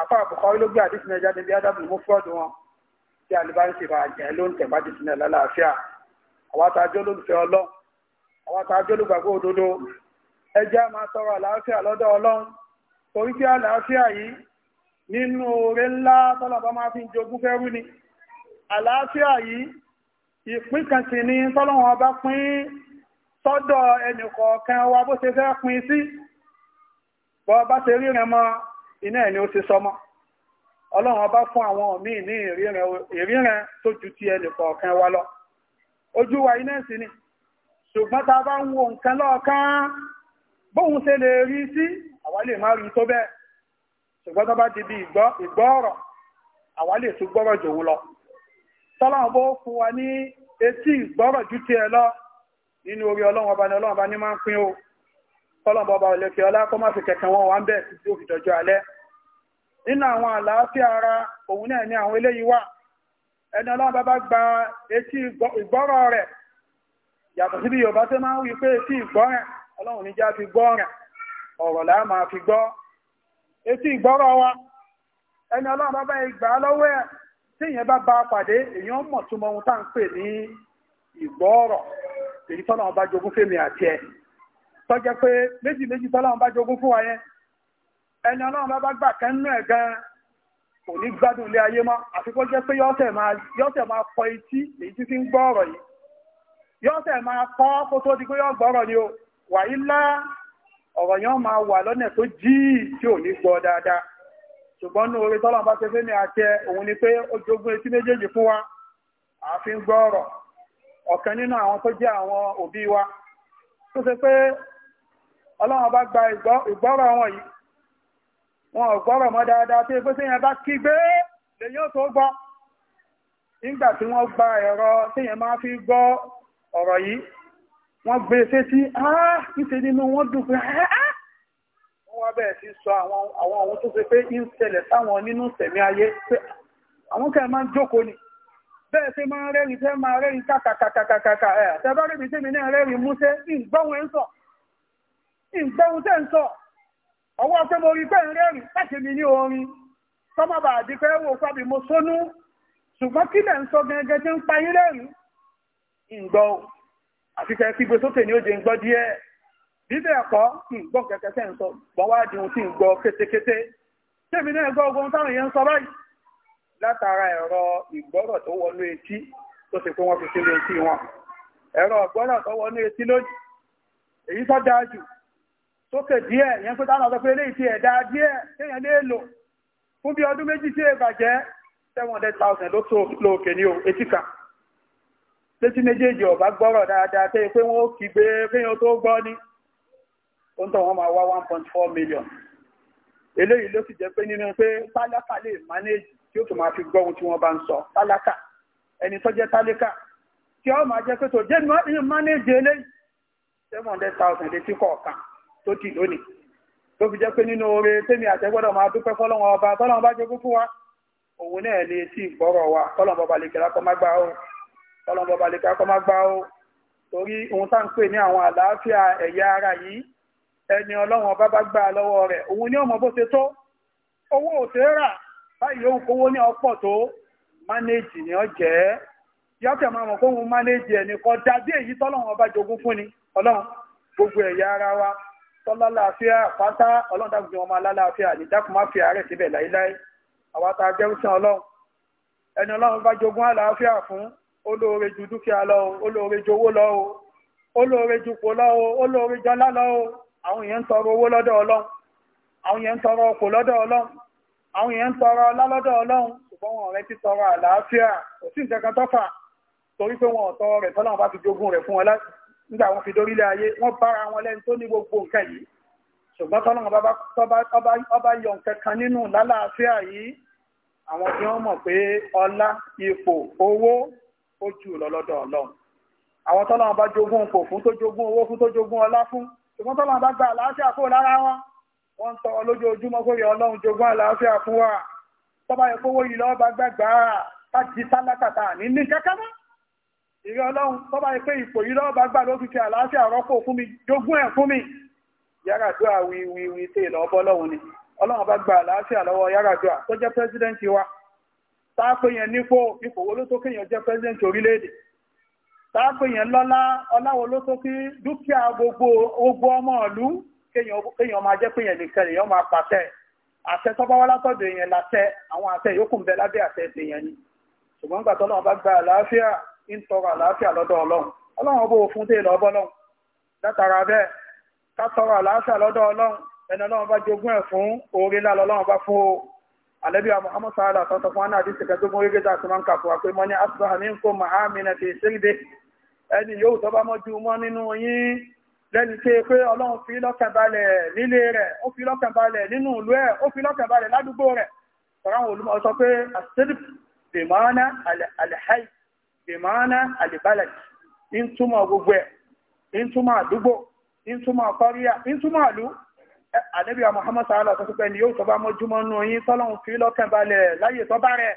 àfa àbùkọ́ ló gbé àdísìn ẹja níbi ádámù mú fúrọ́dù wọn tí alibáńsì bá jẹ́ ló ń tẹ̀bá àdísìn ẹ̀ lálàáfíà àwa tá a jẹ́ olólùfẹ́ ọlọ́run àwa tá a jẹ́ olùgbàgbọ́ òdodo ẹja máa tọrọ àlàáfíà lọ́dọ̀ ọlọ́run torí pé àlàáfíà yìí nínú oore ńlá tọ́lọ́ba máa fi jogún fẹ́rú ni àlàáfíà yìí ìpín kan sì ni tọ́lọ́wọ́n ọba pín sọ́dọ̀ ẹnìkọ̀ọ̀kan wa bó ṣe fẹ́ pín sí bọ́ bá ṣe rí rẹ̀ mọ́ iná ẹ̀ ni ó ti sọmọ́ ọlọ́run ọba fún àwọn míì ní ìríran tó ju ti ẹnì kọ̀ọ̀kan wa lọ ojú wa iná sí ni ṣùgbọ́n tá a bá ń wo nǹkan lọ́ọ̀kan bóun ṣe lè rí sí àwa lè má rí tó bẹ́ẹ̀ ṣùgbọ́n tó bá ti di ìgbọ́ ọ̀rọ̀ àwa lè tún gbọ́rọ̀ jòwú lọ tọ́lọ́run bó fún wa ní etí ìgbọ́rọ̀ ju ti ẹ lọ nínú orí ọlọ́run ọba ni ọlọ́run ọba ní máa ń pín o kọ́lọ̀bọ̀ ọba olókè ọlá kọ́ máa fi kẹ̀kẹ́ wọn wà ń bẹ̀ títí ó fi dọjọ́ alẹ́ nínú àwọn àlàáfíà ara òun náà ni àwọn eléyìí wà ẹni ọlọ́run bá gba etí ìgbọ́rọ̀ rẹ̀ yàtọ̀ síbi yorùbá tó máa ń wí pé etí ìgbọ́rẹ̀ ọlọ́run ní já fi fi gbọ́ etí ìgbọ́rọ̀ wa ẹni bá lọ́wọ́ ẹ̀ tí ìyẹn bá pàdé èèyàn ohun tá à ń pè tọ́jẹ́ pé méjì méjì tọ́lọ́run bá jogún fún wa yẹn ẹni ọlọ́run bá bá gbà kẹ́nu ẹ̀ gan kò ní gbádùn ilé ayé mọ́ àfi kó jẹ́ pé yọ́sẹ̀ máa kọ etí èyí tí fi ń gbọ́ ọ̀rọ̀ yìí yọ́sẹ̀ máa kọ́ kó di pé yọ́ ọ̀rọ̀ ni o wàyí lá ọ̀rọ̀ yẹn máa wà lọ́nà tó jíì tí ò dáadáa ṣùgbọ́n ní orí bá ṣe fẹ́ ní ni pé ó ọlọ́run bá gba ìgbọ́rọ̀ wọn yìí wọn ò gbọ́rọ̀ mọ́ dáadáa tí egbé téèyàn bá kígbe lèyìn ó tó gbọ́ nígbà tí wọ́n gba ẹ̀rọ téèyàn máa fi gbọ́ ọ̀rọ̀ yìí wọ́n gbé ṣe sí níṣe nínú wọn dùn pé wọ́n wá bẹ̀rẹ̀ sí sọ àwọn ohun tó ṣe pé ń ṣẹlẹ̀ sáwọn nínú tẹ̀mí ayé pé àwọn kẹ́ máa ń jókòó ni bẹ́ẹ̀ ṣe máa ń rẹ́rìn tẹ́ máa rẹ́rìn kàkàkàkàkàkà ẹ̀ tẹ́ bá mi tẹ́mi náà rẹ́rìn múṣẹ́ ní ìgbọ́wọ́ ń sọ̀ ìgbẹ́hun tẹ́ ń sọ ọwọ́ pé mo rí pé ń rẹ́rìn láti mi ní orin tọ́mọ̀ bá àdí pé wò fábì mo sónú ṣùgbọ́n kí lẹ̀ ń sọ gẹ́gẹ́ tí ń pa yín lẹ́rìn ìgbọ́ àti kẹ́ kí gbé sókè ní ó jẹ́ ń gbọ́ díẹ̀ bíbẹ̀ ẹ̀kọ́ ìgbọ́ kẹ̀kẹ́ tẹ́ ń sọ wọ́n wá di ohun tí ń gbọ́ kétékété tẹ́mi náà gbọ́ ogun táwọn èèyàn ń sọ báyìí látara ẹ̀rọ ìgbọ́rọ̀ tó wọnú etí tó sì pé wọ́n fi sílé etí wọn ẹ̀rọ ìgbọ́rọ̀ tó wọnú etí lójú èyí tó jù sókè díẹ̀ yẹn pé táwọn ọ̀sọ̀ pé eléyìí ti ẹ̀dá díẹ̀ kéèyàn lè lò fún bí ọdún méjì tí èbàjẹ́ seven hundred thousand ló tó lóòkè ní o etí kan létí méjèèjì ọ̀bá gbọ́rọ̀ dáadáa tẹ́ pé wọ́n ó kì gbé kéèyàn tó gbọ́ ní ó ń tọ̀ wọ́n máa wá one point four million eléyìí ló sì jẹ́ pé nínú pé tálákà lè manage tí ó tún máa fi gbọ́ ohun tí wọ́n bá ń sọ tálákà ẹni tó jẹ́ tálákà tí ó máa jẹ́ pé tó jẹ́ manage eléyìí seven hundred thousand létí kọ̀ọ̀kan tó dì lónìí tó fi jẹ́ pé nínú oore tèmi àtẹ́gbọ́dọ̀ máa dúpẹ́ fọ́lọ́wọ́n ọba tọ́lọ́wọ́n bá jogún fún wa òun náà lè sí ìgbọ́rọ̀ wa tọ́lọ́wọ́n bọ́ba lè kíra kọ́ má gbá o tọ́lọ́wọ́n bọ́ba lè kíra kọ́ má gbá o torí ohun tá ń pè ní àwọn àlàáfíà ẹ̀yà ara yìí ẹni ọlọ́wọ́n ọba bá gbà lọ́wọ́ rẹ̀ òun ní ọmọ bó ṣe tó owó òṣèrà báyìí yóò kówó ní ọ̀pọ̀ tó mánéjì ni ọ jẹ́ yọ́kẹ̀ máa mọ̀ kó wọn mánéjì ẹni kan dàbí èyí tọ́lọ́wọ́n ọba jogún fún ni ọlọ́run gbogbo ẹ̀yà ara wa tọ́lá láàfíà pátá ọlọ́run dákun jẹ́ ọmọ alálàáfíà ìdákun má fi àárẹ̀ síbẹ̀ láíláí àwa tá a jẹ́ òsàn ọlọ́run ẹni ọlọ́run bá jogún àlàáfíà fún olóore ju dúkìá lọ o olóore ju owó lọ o olóore ju pò lọ o olóore ju ọlá lọ o àwọn èèyàn ń tọrọ owó lọ́dọ̀ ọlọ́run àwọn èèyàn ń tọrọ ọkọ̀ lọ́dọ̀ ọlọ́run àwọn èèyàn ń tọrọ ọlá lọ́dọ̀ ọlọ́run ṣùgbọ́n wọn rẹ ti tọrọ àlàáfíà kò sí nǹkan kan tọ́fà torí pé wọn ò tọrọ rẹ̀ tọ́lọ́run bá ti jogún rẹ̀ nígbà wọn fi dórílẹ̀ ayé wọ́n bára wọn lẹ́nu tó ní gbogbo nǹkan yìí ṣùgbọ́n tọ́lọ́run ọba yọ nǹkan kan nínú lálàáfíà yìí àwọn tí wọ́n mọ̀ pé ọlá ipò owó ó jù lọ́lọ́dọ̀ ọlọ́run àwọn tọ́lọ́run bá jogún ipò fún tó jogún owó fún tó jogún ọlá fún ṣùgbọ́n tọ́lọ́run bá gba àlàáfíà kó lára wọn wọ́n ń tọrọ lójoojúmọ́ pé ọlọ́run jogún àlàáfíà fún wa tọ́ba yẹ kówó yìí lọ́ọ́ bá gbàgbà á ká di sálákàtà ní ní kẹ́kẹ́ náà ìrí ọlọ́run tó bá yẹ pé ipò yìí lọ́ọ́ bá gbà ló fi ti àlàáfíà rọ́pò fún mi jogún ẹ̀ fún mi yàràdúà wíwíwí tè lọ́ọ́ bọ́ lọ́hùn ni ọlọ́run bá gba àlàáfíà lọ́wọ́ yàràdúà tó jẹ́ pẹ́sidẹ́ǹtì wa táàpé yẹn nípò ipò wo ló tó kéèyàn jẹ́ pẹ́sidẹ́ǹtì orílẹ̀-èdè táàpé yẹn lọ́lá ọláwo ló tó kí dúkìá gbogbo ọmọ ìlú kéèyàn máa jẹ́ pé yẹn nìkan èèyàn máa pàtẹ àṣẹ tó bá wá látọ̀dọ̀ èèyàn látẹ àwọn àṣẹ yòókù ń bẹ lábẹ́ àṣẹ èèyàn ni ṣùgbọ́n gbàtọ́ náà bá gba àlàáfíà ń tọrọ àlàáfíà lọ́dọ̀ ọlọ́run ọlọ́run ọbọ̀ òfun tè lọ́bọ́ ya látara bẹ́ẹ̀ ká tọrọ àlàáfíà lọ́dọ̀ ọlọ́run ẹni ọlọ́run bá jogún ẹ̀ fún oore ńlá lọ́lọ́run bá fún o àlẹ́bí fún anáàdì máa ń kà fún wa pé fi ẹni yóò tọ́ bá mọ́ nínú yín ọlọ́run fi lọ́kàn balẹ̀ nílé rẹ̀ ó fi lọ́kàn balẹ̀ nínú ìlú ẹ̀ ó fi lọ́kàn balẹ̀ ládùúgbò rẹ̀ olùmọ̀ sọ pé àṣírí ìmọ̀ọ́nà àlìbálẹ̀ ìtumọ̀ gbogbo ẹ̀ adugbo, àdúgbò ìtumọ̀ kọ́ríà alu. àlú ànábì Muhammad sàálà tó ya ni yóò tọ́ bá mọ́júmọ́ nù yín tọ́lọ́hun fi lọ́kàn balẹ̀ láyè tọ́ bá rẹ̀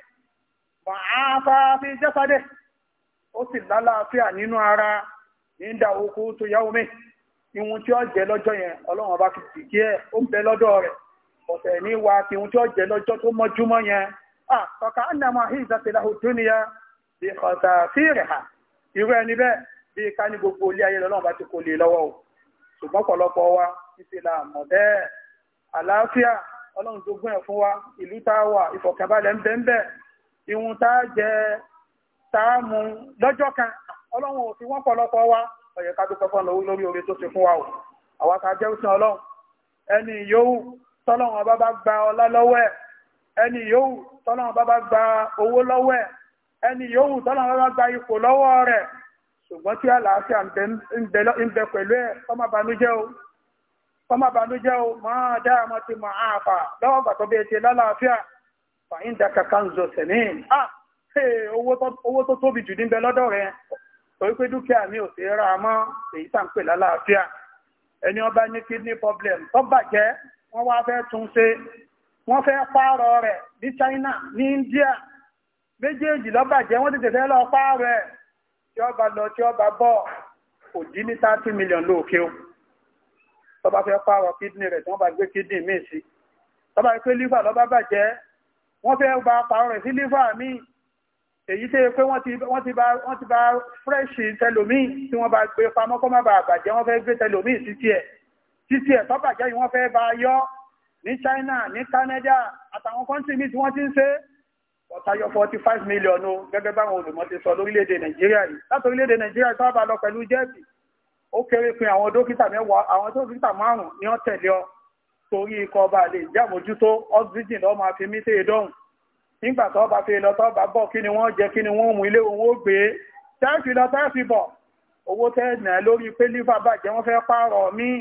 màáfà fi jẹ́sàdé ó sì lálàáfíà nínú ara nídà okú tó yáwó ọba wa ti ìhun tí ó ah bí kọta fíìrì hà irú ẹni bẹ́ẹ̀ bí ká ní gbogbo ilé ayé lọ́nà bá ti kò lè e lọ́wọ́ o ṣùgbọ́n pọ̀lọpọ̀ wa ìṣe la mọ̀ bẹ́ẹ̀ àlàáfíà ọlọ́run tó gbọ́n ẹ̀ fún wa ìlú tá a wà ìfọ̀kànbalẹ̀ ń bẹ ń bẹ ìhun tá a jẹ tá a mu lọ́jọ́ kan ọlọ́run ò fi wọ́n pọ̀lọpọ̀ wa ó ká dúpẹ́ fún ọlọ́run lórí oore tó ṣe fún wa o àwa ká jẹ́ òsìn ọlọ́run ẹni yòówù ẹni yòówù tọ́lọ́wọ́ bá gba ipò lọ́wọ́ rẹ̀ ṣùgbọ́n tí àlàáfíà ń bẹ pẹ̀lú ẹ̀ ọmọ o o máa ti mọ̀ àpà lọwọ gbàtọ́ bí ẹtì lálàáfíà fàyín dàkà kanzọ sẹ̀mí owó tó tóbi jù níbẹ̀ lọ́dọ̀ rẹ̀ torí pé dúkìá mi ò sí ra mọ́ èyí ń pè lálàáfíà ẹni ní kidney problem tó bàjẹ́ wọ́n wá fẹ́ tún India méjèèjì lọ́bàjẹ́ wọ́n tètè fẹ́ lọ pààrọ̀ ẹ̀ tí ọba lọ tí ọba bọ̀ kò dín ní thirty million lóòkè o tọba fẹ́ pààrọ̀ kídìnì rẹ̀ tí wọ́n bá gbé kídìnì míì sí tọba pé liver lọ́ba bàjẹ́ wọ́n fẹ́ bá pààrọ̀ rẹ̀ sí liver míì èyí tẹ́ pé wọ́n ti bá fresh tẹlòmíì tí wọ́n bá gbé pamọ́ kó má bàa bàjẹ́ wọ́n fẹ́ gbé tẹlòmíì sí tiẹ̀ títí ẹ̀ tọ́bàjẹ́ yìí wọ́n fẹ́ bá yọ ní China ní Canada àtàwọn kọ́ńtì míì tí wọ́n ti ń ṣe Forty-five million o gẹ́gẹ́ báwọn olùmọ̀ ti sọ lórílẹ̀‐èdè nàìjíríà yìí láti orílẹ̀‐èdè nàìjíríà tó bá lọ pẹ̀lú jẹ́ẹ̀sì ó kéré pin àwọn dókítà mẹ́wàá àwọn dókítà márùn-ún ni wọ́n tẹ̀lé ọ torí ikọ̀ ọba lè jàmójútó oxygen lọ́ọ́ máa fi mí sí ìdọ́hùn nígbà tó bá fi lọ tó bá bọ̀ kí ni wọ́n jẹ kí ni wọ́n mú ilé òun ó gbé e. tẹ́ẹ̀fì lọ tẹ́ẹ̀fì bọ̀ owó tẹ́ẹ̀nà lórí pé liver bàjẹ́ wọ́n fẹ́ pààrọ̀ míì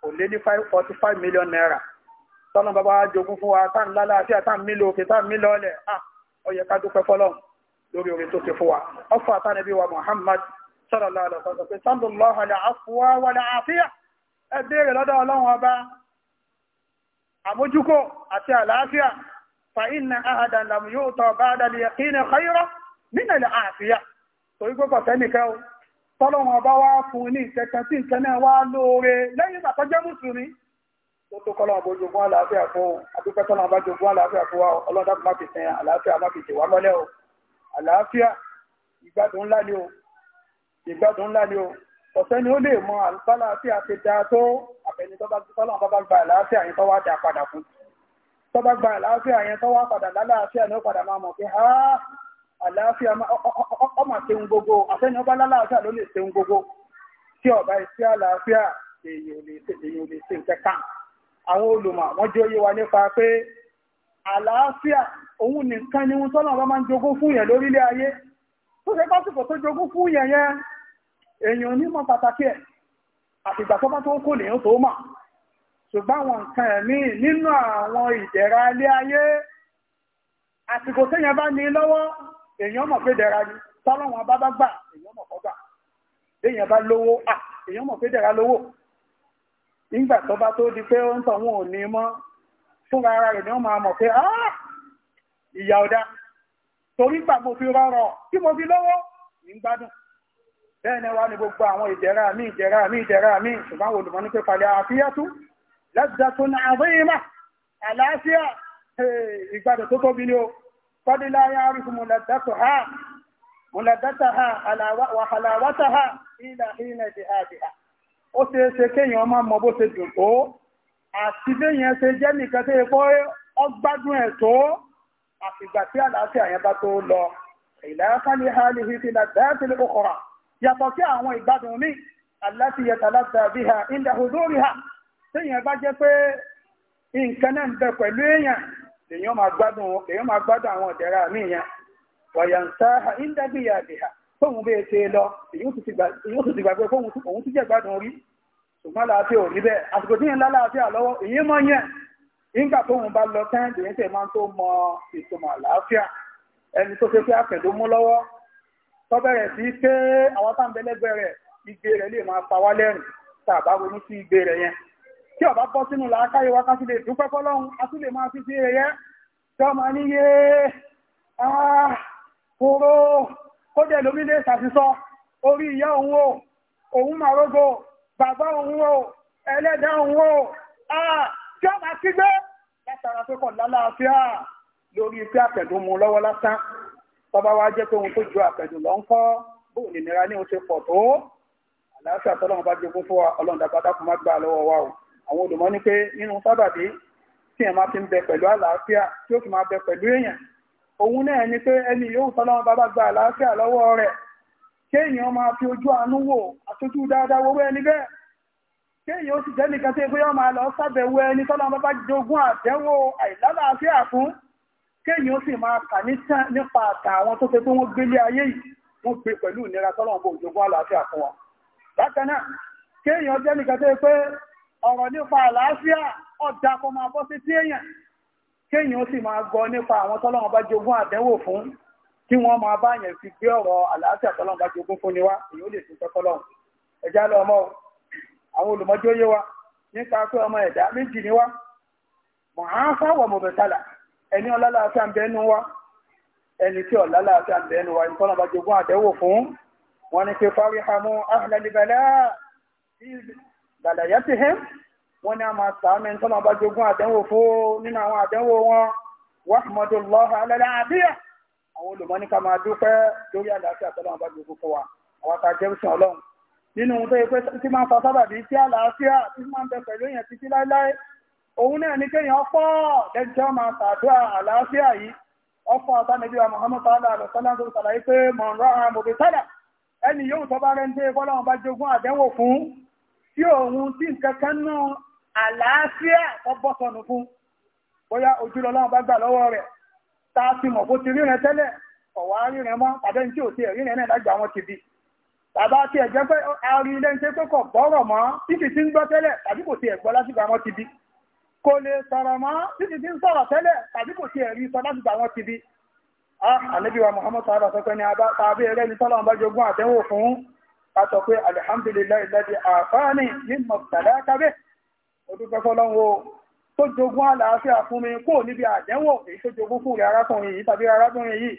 kò lé ní 45 million naira tọ́nà bàbá jogún fún wa tán lálẹ́ àti àtàn mílò òkè tán mílò ọlẹ̀ à ah, ó yẹ ká dúpẹ́ fọlọ́n lórí orin tó ti fún wa ọfọ àtàn ẹbí wa Muhammad sallallahu alaihi wasallam pé sallallahu alaihi afuwa wal afiya ẹ béèrè lọ́dọ̀ ọlọ́run ọba àmójúkò àti àlàáfíà fàínà àhàdàn lam yóò ó tó kọ́ lọ́wọ́ bó jogún àlàáfíà fún o àdúpẹ́ tọ́lọ́ bá jogún àlàáfíà fún wa ọlọ́dà má fi sẹ́yìn àlàáfíà má fi tè wá mọ́lẹ̀ o àlàáfíà ìgbádùn ńlá ni o ìgbádùn ńlá ni o ọ̀sẹ́ ni ó lè mọ àlàáfíà ti dáa tó àbẹ̀ni tọ́lọ́ bá gba àlàáfíà yẹn tọ́wọ́ dà padà fún tọ́ bá gba àlàáfíà yẹn tọ́wọ́ padà lálàáfíà ni ó padà máa mọ̀ pé ha àlàáfíà ọmọ ṣeun gbogbo àfẹ́ni ọba lálàáfíà ló lè ṣeun gbogbo tí ọba ìṣe àlàáfíà èèyàn ò lè ṣe nǹkan kan àwọn olùmọ̀ wọ́n jẹ́ oyé wa nípa pé àlàáfíà òun nìkan ni wọ́n tọ́nà bá máa ń jogún fún yẹn lórílẹ̀ ayé tó ṣe pásìkò tó jogún fún yẹn yẹn èèyàn ní mọ̀ pàtàkì ẹ̀ àtìgbà tó bá tó kò lèyàn tó mà ṣùgbọ́n àwọn nǹkan ẹ̀mí nínú àwọn ìdẹ̀ra ilé ayé àsìkò téèyàn bá ní lọ́wọ́ èèyàn mọ̀ pé dẹ̀ra ni tọ́lọ́wọ́n bá bá gbà èèyàn mọ̀ kọ́ gbà nígbà tó bá tó di pé ó ń tọ̀ wọn ò ní mọ́ fúnra ara rẹ̀ ni wọ́n máa mọ̀ pé ìyà ọ̀dá torí gbà mo fi rọrọ̀ tí mo fi lọ́wọ́ ní gbádùn bẹ́ẹ̀ ni wá ní gbogbo àwọn ìdẹ̀ra mi ìdẹ̀ra mi ìdẹ̀ra mi ṣùgbọ́n àwọn olùmọ̀ ní pé palẹ̀ àfíyàtú lẹ́gbẹ̀tún àbúyìmá àlàáfíà ìgbádùn tó tóbi ni o kọ́dílá ya rí fún mùlẹ̀dẹ́tà ha àlàwátà ha ìlà ìlà ìdíhàdìhà ó ṣe é ṣe kéèyàn ọmọ mọ bó ṣe dùn tó àti béèyàn ṣe jẹ́ nìkan tó yẹ ọgbádùn ẹ tó àfìgbà tí àlàáfíà yẹn bá tó lọ ìlàáfàlì yàtọ̀ sí àwọn ìgbádùn ha ilẹ̀ òdórí ha téèyàn bá jẹ́ pé nǹkan náà ń bẹ pẹ̀lú èèyàn máa ha tóun bẹ́ẹ̀ ṣe lọ èyí ó sì ti gbàgbé fóun òun ti jẹ̀gbádùn rí ṣùgbọ́n láàfíà ò rí bẹ́ẹ̀ àsìkò tí yẹn lálàáfíà lọ́wọ́ èyí mọ́ yẹn nígbà tóun bá lọ tán lèyìn tẹ̀ máa ń tó mọ ìtumọ̀ àlàáfíà ẹni tó ṣe pé àfẹ̀dó mú lọ́wọ́ tó bẹ̀rẹ̀ sí pé àwọn táǹbẹ̀lẹ́gbẹ̀ rẹ̀ igbe rẹ̀ lè máa pa wá lẹ́rìn tá a bá ronú sí igbe rẹ̀ yẹn tí ọba bọ́ sínú làákàyè wa kásí lè dúpẹ́ fọ́lọ́run a tún lè máa fi sí ẹyẹ tí ọmọ níye ah, kóró kódẹ̀ lómi lè sàṣìsọ orí ìyá òun o òun màrógó bàbá òun o ẹlẹ́dà òun o tí ó máa kígbé látara pé kọ̀ lálàáfíà lórí pé àpẹ̀dùn mu lọ́wọ́ lásán tọ́ba wa jẹ́ pé ohun tó ju àpẹ̀dùn lọ ń kọ́ bóun lè nira ní oṣù pọ̀ tó àlàáfíà tọ́lọ́run bá jogún fún wa ọlọ́run dàgbàdà kò má gbà lọ́wọ́ wa o àwọn olùmọ̀ ní pé nínú sábàbí tí èèyàn máa fi ń bẹ pẹ̀lú àlàáfíà tí ó fi máa bẹ pẹ̀lú èèyàn òun náà ni pé ẹni yóò tọ́lọ́wọ́ bàbá gba àlàáfíà lọ́wọ́ rẹ̀ kéèyàn máa fi ojú àánú wò àtúntú dáadáa wọ́wọ́ ẹni bẹ́ẹ̀ kéèyàn ó sì jẹ́ nìkan tí ó yọ́ máa lọ sábẹ̀wò ẹni tọ́lọ́wọ́ bàbá jogún àtẹ́wò àìlálàáfíà fún kéèyàn ó sì máa kà nípa àtà àwọn tó ṣe pé wọ́n gbélé ayé yìí wọ́n gbé pẹ̀lú ìnira tọ́lọ́wọ́ kéèyàn sì máa gbọ́ nípa àwọn tọ́lọ́wọ́n bá jogún àdẹ́wò fún kí wọ́n máa bá yẹn fi gbé ọ̀rọ̀ àlàáfíà tọ́lọ́wọ́n bá jogún fún ni wá èyí ó lè tún tọ́kọ́lọ́wọ́ ẹ̀já lọ ọmọ àwọn olùmọ́jọ́ yé wa nípa pé ọmọ ẹ̀dá méjì ni wá mọ̀háfá wà mọ̀bẹ̀tàlà ẹni ọlálàáfíà ń bẹ́nu wá ẹni tí ọlálàáfíà ń bẹ́nu wá ìtọ́nà bá jogún àdẹ́wò fún wọn ni pé fárí ahlalibala bàlàyà ti hẹ́m wọ́n ni a máa sàánú ẹni tọ́lọ́ bá jogún àdánwò fún nínú àwọn àdánwò wọn wahmadullah alẹ́lẹ́ àbíyà àwọn olùmọ́níkà máa dúpẹ́ lórí àlàáfíà tọ́lọ́ bá jogún fún wa àwọn ta jẹ́rìsìn ọlọ́run nínú tó yẹ pé sábàbí sí àlàáfíà tí máa pẹ̀lú èèyàn títí láéláé òun náà ní kéèyàn àlàáfíà tó bọ́ sọnù fún bóyá ojúlọ lọ́wọ́ bá gbà lọ́wọ́ rẹ̀ tá a ti mọ̀ bó ti ríran tẹ́lẹ̀ ọ̀wá ríran mọ́ tàbí ẹni tí ò ti ríran náà lágbà wọn ti bí bàbá tí ẹ̀jẹ̀ pé ari ilé ń ṣe pé kò gbọ́rọ̀ mọ́ títí tí ń gbọ́ tẹ́lẹ̀ tàbí kò ti ẹ̀gbọ́ lásìkò àwọn ti bí kò lè sọ̀rọ̀ mọ́ títí tí ń sọ̀rọ̀ tẹ́lẹ̀ tàbí kò ti ẹ̀rí sọ lásìkò àwọn ti bí àlébíwa muhammadu sábà sọ pé ní tàbí ẹrẹ́ ní tọ́lọ́mọba jogún àtẹ́wò fún a sọ pé alhamdulillahi alladhi àfáàní ní mọ̀tàlá kábẹ́ òdúpẹ́ fọ́lọ́wọ́ tó jogún àlàáfíà fún mi kó níbi àdẹ́wò èyí tó jogún fún rẹ̀ arákùnrin yìí tàbí arákùnrin yìí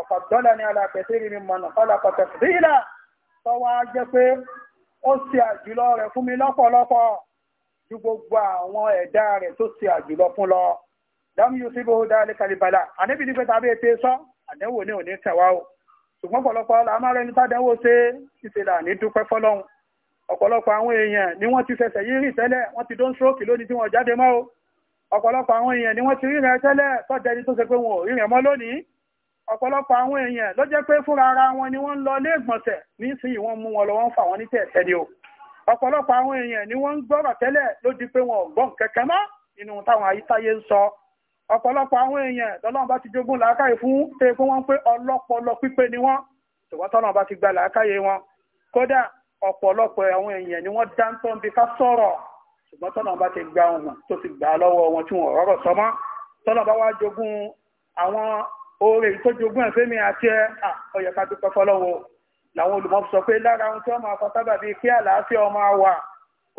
ọ̀pọ̀ dọ́là ní alákẹ̀ẹ́sẹ́ rí mi mọ̀nà fọ́lá pàtàkì sí ìlà tọ́wọ́ á jẹ́ pé ó ṣe àjùlọ rẹ̀ fún mi lọ́pọ̀lọpọ̀ ju gbogbo àwọn ẹ̀dá rẹ̀ tó ṣe àjùlọ fún lọ dámú yóò síbò ó dáálé kalibala àníbi nígbà tàbí ètè sọ àdẹ́wò ní òní tẹ̀wá o ṣùgbọ́n pọ̀lọpọ̀ làmárẹ́ni tàdẹ́wò ṣe là àní dúpẹ́ fọ́lọ́hun ọ̀pọ̀lọpọ̀ àwọn èèyàn ni wọ́n ti fẹsẹ̀ yìí rìn tẹ́lẹ̀ wọ́n ti dón stroke lónìí tí wọ́n jáde mọ́ o ọ̀pọ̀lọpọ̀ àwọn èèyàn ni wọ́n ti rìnrìn tẹ́lẹ̀ tọ́jẹ́ ni tó ṣe pé wọn ò rìnrìn mọ́ lónìí ọ̀pọ̀lọpọ̀ àwọn èèyàn ló jẹ́ pé fúnra ara wọn ni wọ́n ń lọ léègbọ̀nsẹ̀ nísìnyí wọ́n mú wọn lọ wọ́n fà wọn ní tẹ̀ẹ̀tẹ̀ ni o ọ̀pọ̀lọpọ̀ àwọn èèyàn ni wọ́n ń gbọ́rọ̀ tẹ́lẹ̀ ló di pé wọn ò gbọ́n kẹ̀kẹ́ mọ́ nínú táwọn ayítáyé ń sọ ọ̀pọ̀lọpọ̀ àwọn èèyàn tọ́lọ́run bá ti jogún làákàyè fún pé pé wọ́n pé ọlọ́pọlọ pípé ni wọ́n ṣùgbọ́n tọ́lọ́run bá ti gba làákàyè wọn kódà ọ̀pọ̀lọpọ̀ àwọn èèyàn ni wọ́n dáńtọ́ ń bi ká sọ̀rọ̀ ṣùgbọ́n tọ́nà bá ti gba ọ̀nà tó ti gbà lọ́wọ́ wọn tí wọ́n rọ́rọ̀ sọmọ́ tọ́nà bá wá jogún àwọn oore tó jogún ẹ̀fẹ́ mi àti ẹ ó yẹ ká dúpẹ́ fọlọ́wọ́ làwọn olùmọ̀ sọ pé lára ohun tí wọ́n máa fọ́sábà bíi kí àlàáfíà ọmọ wà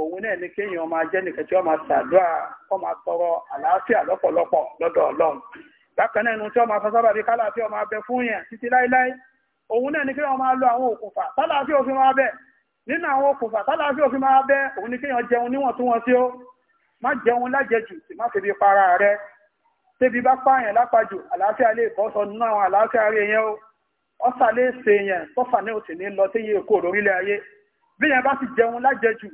òun náà ni kéèyàn máa jẹ́ nìkan tí wọ́n máa ṣàdúrà kọ́ máa tọrọ àlàáfíà lọ́pọ̀lọpọ̀ lọ́dọ̀ ọlọ́run bákan náà inú tí wọ́n máa fọ́sábà bíi kálàáfíà ọmọ abẹ fún yẹn títí láéláé òun náà ni kéèyàn máa lo àwọn òkùnfà tálàáfíà òfin máa bẹ́ẹ̀ nínú àwọn okùnfà tálàáfí òfin máa bẹ́ òun ni kéèyàn jẹun níwọ̀n tó wọ́n tí ó má jẹun lájẹjù sì má febi para rẹ tẹ́bi bá pààyàn lápajù àlàáfíà lè bọ́ sọ nínú àwọn àlàáfíà rẹ yẹn ó ọ́sà lè ṣe èèyàn tọ́fà ní òsì ní lọ téye èkó lórílẹ̀ ayé bí yẹn bá sì jẹun lájẹjù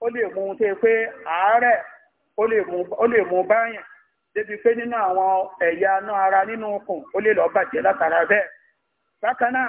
ó lè mú un tẹ́ pé àárẹ̀ ó lè mú báyàn débi pé nínú àwọn ẹ̀yà náà ara nínú okùn ó lè lọ bàjẹ́ látara bẹ́ẹ̀ bákan náà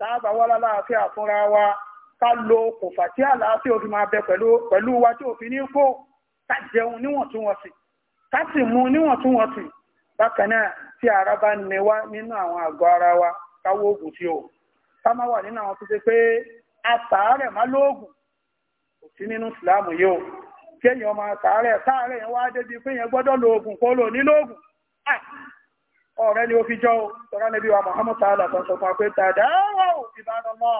táàbà wá lálàáfíà fúnra wa ká lo kofa tí àlàáfíà òfin máa bẹ pẹ̀lú wa tí òfin ní kó ká jẹun níwọ̀ntúnwọ̀nsì ká sì mu níwọ̀ntúnwọ̀nsì bákan náà tí ara bá ní wá nínú ara wa kawo oògùn tí o ká má wà nínú àwọn pe ṣe pé àtàárẹ̀ má lóògùn kò sí nínú ìsìláàmù yìí o kéèyàn máa tàárẹ̀ káàárẹ̀ yẹn wá débi pé yẹn gbọ́dọ̀ lo kó ọ̀rẹ́ ni ó fi jọ́ tọ́rọ níbi wa Muhammad ta'ala tó sọ fún pé tàdá wà ó ìbára mọ́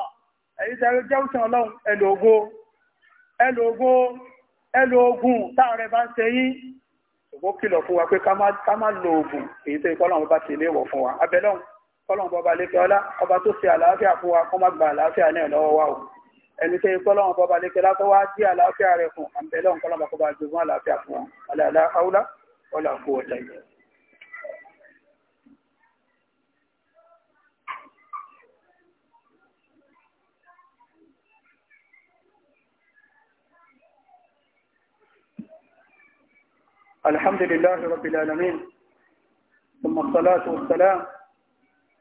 èyí tẹ́rẹ jẹ́ òsìn ọlọ́run ẹlòógó ẹlòógó ẹlòógùn táàrẹ bá ń ṣe yín ṣùgbọ́n kìlọ̀ fún wa pé ká má lo oògùn èyí tó ìkọlọ́run bá ti léèwọ̀ fún wa abẹ́lọ́run kọlọ́run bọba lékẹ́ ọlá ọba tó ṣe àlàáfíà fún wa kó má gba àlàáfíà náà lọ́wọ́ wa o ẹni tó ìkọlọ́run bọba lékẹ́ látọ́ wá dí àlàáfíà rẹ̀ fún abẹ́lọ́run kọlọ́run bá kó bá jogún àlàáfíà fún wa alẹ́ àlá haúlá ọlá kó الحمد لله رب العالمين ثم الصلاة والسلام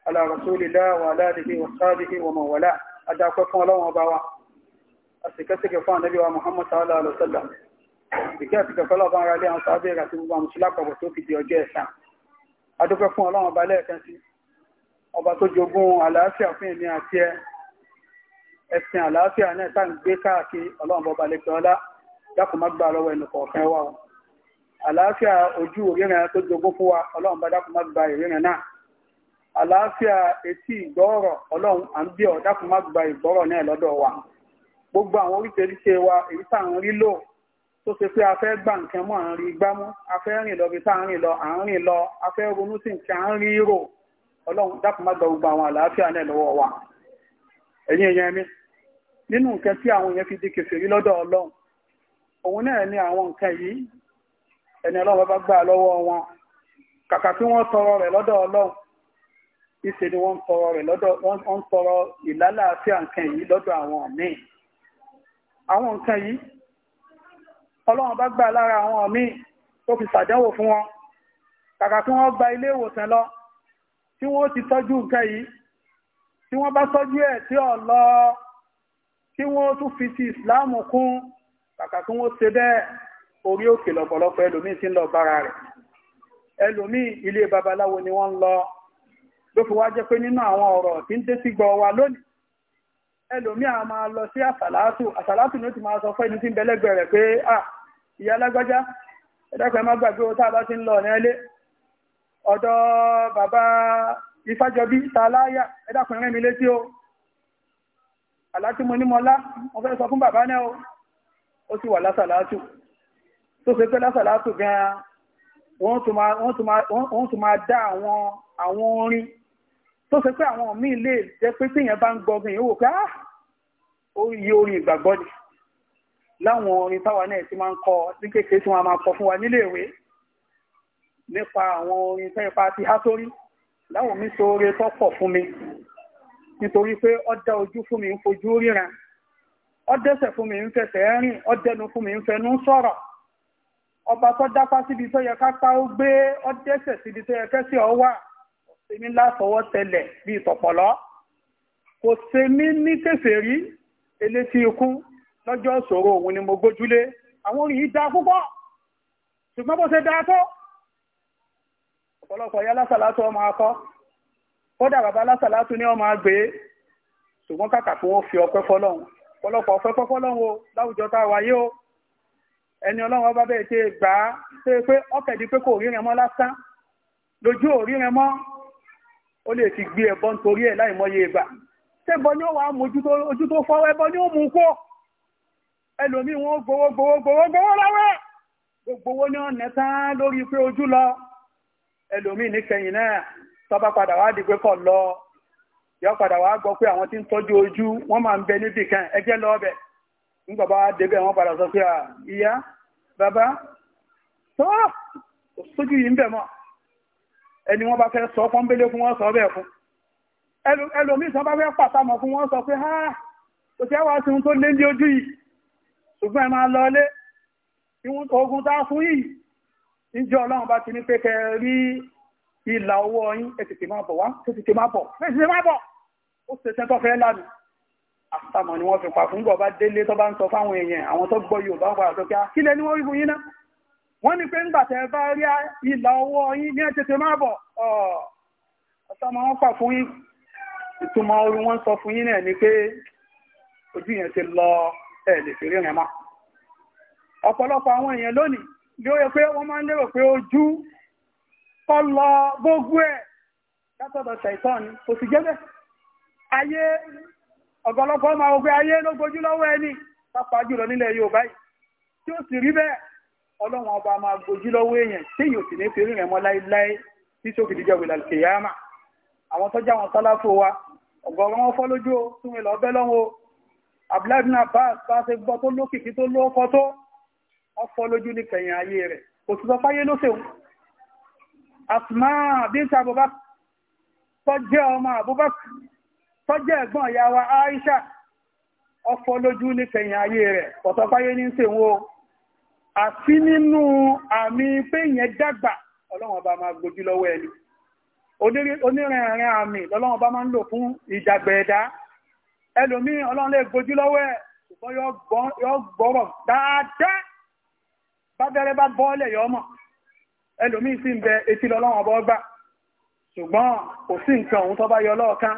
على رسول الله وعلى آله وصحبه ومن والاه أدعوكم الله وبعوا أسكتك فان نبي محمد صلى الله عليه وسلم ìkẹ́ẹ̀sìkẹ́ fọ́lọ́ bá ń ra ilé àwọn sábẹ́ ìrà tí gbogbo àwọn mùsùlùmí àpapọ̀ tó fi di ọjọ́ ẹ̀san adúpẹ́ fún ọlọ́run ọba lẹ́ẹ̀kan sí ọba tó jogún àlàáfíà fún èmi àti ẹ ẹ̀sìn àlàáfíà náà tá ń gbé káàkiri ọlọ́run ọba lẹ́gbẹ̀ọ́lá dákùn gbà lọ́wọ́ ẹnì kọ̀ọ̀kan wà wọn àlàáfíà ojú òríran tó jogún fún wa ọlọ́run bá dákun má gba ìríran náà àlàáfíà etí ìgbọ́ọ̀rọ̀ ọlọ́run à ń bí ọ má gba náà lọ́dọ̀ wa gbogbo àwọn oríṣiríṣi wa èyí tá à ń a fẹ́ gbà nǹkan mọ́ à ń rí a fẹ́ rìn lọ bí tá à ń lọ à ń rìn lọ a fẹ́ ronú sí nǹkan à ń rí rò wa ẹ̀yin èèyàn mi nínú nǹkan tí àwọn fi di kèfèrí lọ́dọ̀ ọlọ́run òun náà ni àwọn nǹkan ẹni ọlọ́run bá gbà lọ́wọ́ wọn kàkà kí wọ́n tọrọ rẹ̀ lọ́dọ̀ ọlọ́run ìṣe ni wọ́n tọrọ rẹ̀ lọ́dọ̀ wọ́n tọrọ ìlàlàáfíà nǹkan yìí lọ́dọ̀ àwọn míì àwọn nǹkan yìí ọlọ́run bá gbà lára àwọn míì tó fi ṣàdánwò fún wọn kàkà kí wọ́n gba ilé ìwòsàn lọ tí wọ́n ti tọ́jú nǹkan yìí tí wọ́n bá tọ́jú ẹ̀ tí ọ̀ lọ kí wọ́n tún fi ti ìsìláàmù kún kàkà kí wọ́n ṣe bẹ́ẹ̀ orí òkè lọ̀pọ̀lọpọ̀ ẹlòmíì tí ń lọ bára rẹ̀ ẹlòmíì ilé babaláwo ni wọ́n ń lọ ló fi wá jẹ́ pé nínú àwọn ọ̀rọ̀ tí ń dé sí gbọ́ wa lónìí ẹlòmíì ni ó a bá ti ń lọ ní ẹlé ọ̀dọ̀ bàbá ìfájọbí tàláyà ẹ̀dẹ́kọ̀ẹ́ rẹ̀ mi létí o àlátí mo ní mọ́lá mo fẹ́ sọ fún bàbá náà o ó sì wà lásàlátù tó ṣe pé lásàlátù gan wọ́n tún máa dá àwọn orin tó ṣe pé àwọn míì lè jẹ́ pé tíyẹn bá ń gbọ́gbìn yóò wò pé ah orin yìí orin ìgbàgbọ́ ni láwọn orin táwa náà ti máa ń kọ ní kékeré tí wọ́n máa kọ fún wa níléèwé nípa àwọn orin tẹ́ ipa ti há sórí láwọn mi so oore tó pọ̀ fún mi nítorí pé ó dá ojú fún mi ń fojú ríran ó dẹ́sẹ̀ fún mi ń fẹsẹ̀ rìn ó dẹnu fún mi ń fẹnu sọ̀rọ̀ ọba tó dápá síbi tó yẹ kápá ó gbé ọdẹ́sẹ̀ síbi tó yẹ kẹ́sì ọ wà kò sí mi láfọwọ́ tẹlẹ̀ bí ìtọ̀pọ̀lọ́ kò sí mi ní kèfèrí elétí ikú lọ́jọ́ ìṣòro òun ni mo gbójúlé àwọn orin yìí dáa púpọ̀ ṣùgbọ́n bó ṣe dáa tó ọ̀pọ̀lọpọ̀ ya lásàlátù ọmọ akọ kódà bàbá lásàlátù ní ọmọ àgbé ṣùgbọ́n kàkà kí wọ́n fi ọpẹ́ fọ́lọ́hun ọ̀pọ̀lọpọ̀ ọpẹ́ fọ́lọ́hun o láwùjọ tá a wáyé o ẹni ọlọ́run ọba bẹ́ẹ̀ ṣe gbà á ṣe pé ọkẹ̀dí pé kò ríran mọ́ lásán lójú ò ríran mọ́ ó lè fi gbé ẹbọ nítorí ẹ̀ láì mọye ìgbà ṣébọ ni ó wàá mójú tó ojú tó fọ́ ẹbọ ni ó mú kó ẹlòmíì wọn gbowó gbowó gbowó gbowó lọ́wọ́ gbogbo owó ní ọ̀nà tán lórí pé ojú lọ ẹlòmíì níkẹyìn náà tọ́ba padà wá di pé kọ̀ lọ yọ padà wá gbọ́ pé àwọn tí ń tọ́jú ojú wọ́n máa ń bẹ níbì kan ẹjẹ́ lọ́ọ́bẹ̀ẹ́ nígbà bá débẹ̀ wọ́n padà sọ pé ìyá bàbá tó sójú yìí ń bẹ̀ mọ́ ẹni wọ́n bá fẹ́ sọ fọ́n bélé fún wọ́n sọ bẹ́ẹ̀ fún ẹlòmíì sọ bá fẹ́ pàtàmọ̀ fún wọ́n sọ pé ha kò tí wá sí ohun tó lé ní ojú yìí ṣùgbọ́n ẹ máa lọ lé ìwọ̀n ogun tá fún yìí níjọ ọlọ́run bá ti ní pé kẹ rí ìlà owó ọyún ẹ tètè máa bọ̀ wá tètè máa bọ̀ ó ṣe tẹ́tọ́ fẹ́ lánàá àtàmọ̀ ni wọ́n fi pa fún bọ̀bá délé tó bá ń sọ fáwọn èèyàn àwọn tó gbọ́ Yorùbá ń padà tó ah, kí á kílẹ̀ ni wọ́n rí fún náà wọ́n ní pé ńgbà bá rí ìlà ọwọ́ yín ní ẹ̀tẹ̀tẹ̀ máa bọ̀ àtàmọ̀ wọn pa fún ìtumọ̀ orí wọn sọ fún yín náà ni pé ojú yẹn ti lọ ẹ̀ lè fi ríran mọ́ ọ̀pọ̀lọpọ̀ àwọn èèyàn lónìí ló yẹ pé wọ́n máa ń lérò pé ojú kọ́ lọ gbogbo ẹ̀ látọ̀dọ̀ ọ̀gọ̀lọpọ̀ máa wọ́pẹ́ ayé ló gbojú lọ́wọ́ ẹni pápá jùlọ nílẹ̀ Yorùbá yìí tí ó sì rí bẹ́ẹ̀ Ọlọ́run ọba máa gbojú lọ́wọ́ èèyàn tí yóò sì ní fi rí rẹ̀ mọ́ láéláé tí tó fìdí jẹ́wìlà kìyàmà àwọn tọ́jà wọn sálàfò wa ọ̀gọ̀rọ̀ wọn fọ́ lójú o tún ilẹ̀ ọbẹ̀ lọ́wọ́ Abdullahi Abbas bá ṣe gbọ́ tó lókìkí tó lóókọ tó ọfọ́ lójú ní kẹ̀yìn ayé rẹ̀ kò sì sọ fáyé ló ṣeun Asma bint Abubakar tó jẹ́ ọmọ Abubakar tọ́jẹ́ ẹ̀gbọ́n ìyá wa Aisha ọfọ́ lójú níkẹyìn ayé rẹ̀ pọ̀tọ́fáyé ní ṣèwọ́ àti nínú àmì péyẹn dàgbà ọlọ́wọ́n bá máa gbójú lọ́wọ́ ẹni onírìnrìn àmì lọ́lọ́wọ́n bá máa ń lò fún ìdàgbà ẹ̀dá ẹlòmí ọlọ́run lè gbójú lọ́wọ́ ẹ̀ ṣùgbọ́n yọ gbọ́rọ̀ dáadáa bá bẹ̀rẹ̀ bá bọ́ọ̀lẹ̀ yọ mọ̀ ẹlòmí sì ń bẹ etí lọ́lọ́wọ́n bọ́ gbà ṣùgbọ́n kò sí nǹkan òun tó bá yọ lọ́ọ̀kan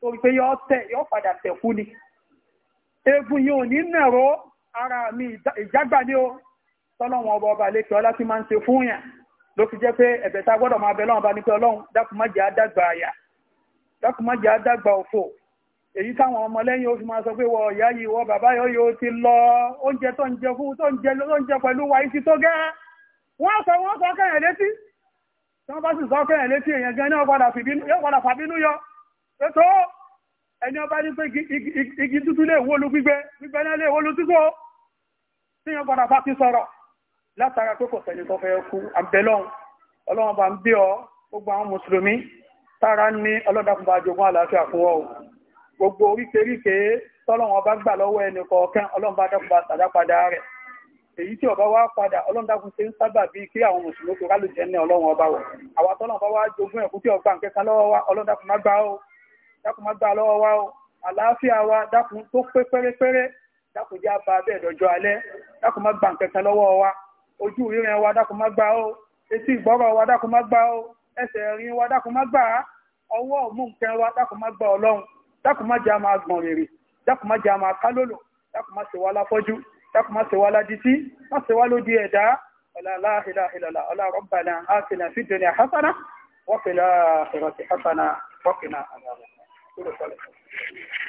torí pé yọ́ tẹ̀ yọ́ padà tẹ̀kú ni egun yóò ní nàró ara mi ìjágbà ní o tọ́lọ́wọ́n ọba ọba lè kí ọlá tí máa ń ṣe fún yàn ló fi jẹ́ pé ẹ̀bẹ̀ tá gbọ́dọ̀ máa bẹ lọ́wọ́n bá ní pé ọlọ́run dákùmájẹ́ adágbà àyà dákùmájẹ́ adágbà òfò èyí táwọn ọmọlẹ́yìn oṣù máa sọ pé wọ ìyá yìí wọ bàbá yóò yóò ti lọ oúnjẹ tó ń jẹ fún tó ń jẹ ló ń jẹ pẹ̀lú wa isi tó gẹ́ wọ́n sọ wọ́n sọ kẹ́yìn létí tí wọ́n bá sì sọ kẹ́yìn létí èèyàn gan náà padà fàbínú yọ tó ẹni ọba ní pé igi dúdú lè wó lu gbígbẹ gbígbẹ náà lè wó lu dúdú tí yẹn padà bá ti sọ̀rọ̀ látara pé kò sẹ́ni tó fẹ́ kú àbẹ̀lọ́n ọlọ́run bá ń bí ọ gbogbo àwọn mùsùlùmí tára ní ọlọ́dàkùnbà àjogún àlàáfíà fún ọ gbogbo oríkèéríkèé tọ́lọ́run ọba gbà lọ́wọ́ ẹnì kọ̀ọ̀kan ọlọ́run bá dákùnbà sàdá padà rẹ̀ èyí tí ọba wá padà ọlọ́ndàkùn ṣe ń sábà bíi kí àwọn mùsùlùmí tó rálù jẹ́ ní ọlọ́run ọba wọ̀ àwọn tọ́lọ́run bá wá jogún ẹ̀kú tí ọgbà nǹkan kan lọ́wọ́ wa ọlọ́ndàkùn má dákun má gbà lọ́wọ́ wa o àlàáfíà wa dákun tó pé pérépéré dákun já bá bẹ́ẹ̀ dọ̀jọ́ alẹ́ dákun má gbà nkẹta lọ́wọ́ wa ojú ríran wa dákun má gbà o etí ìgbọ́rọ̀ wa dákun má gbà o ẹsẹ̀ rin wa dákun má gbà á ọwọ́ mú nǹkan wa dákun má gbà ọlọ́run dákun má jẹ́ àmà gbọ̀n rèrè dákun má jẹ́ àmà kálólò dákun má ṣe wá láfọ́jú dákun má ṣe wá ládìtí má ṣe wá lódì ẹ̀dá ọ̀là da sallah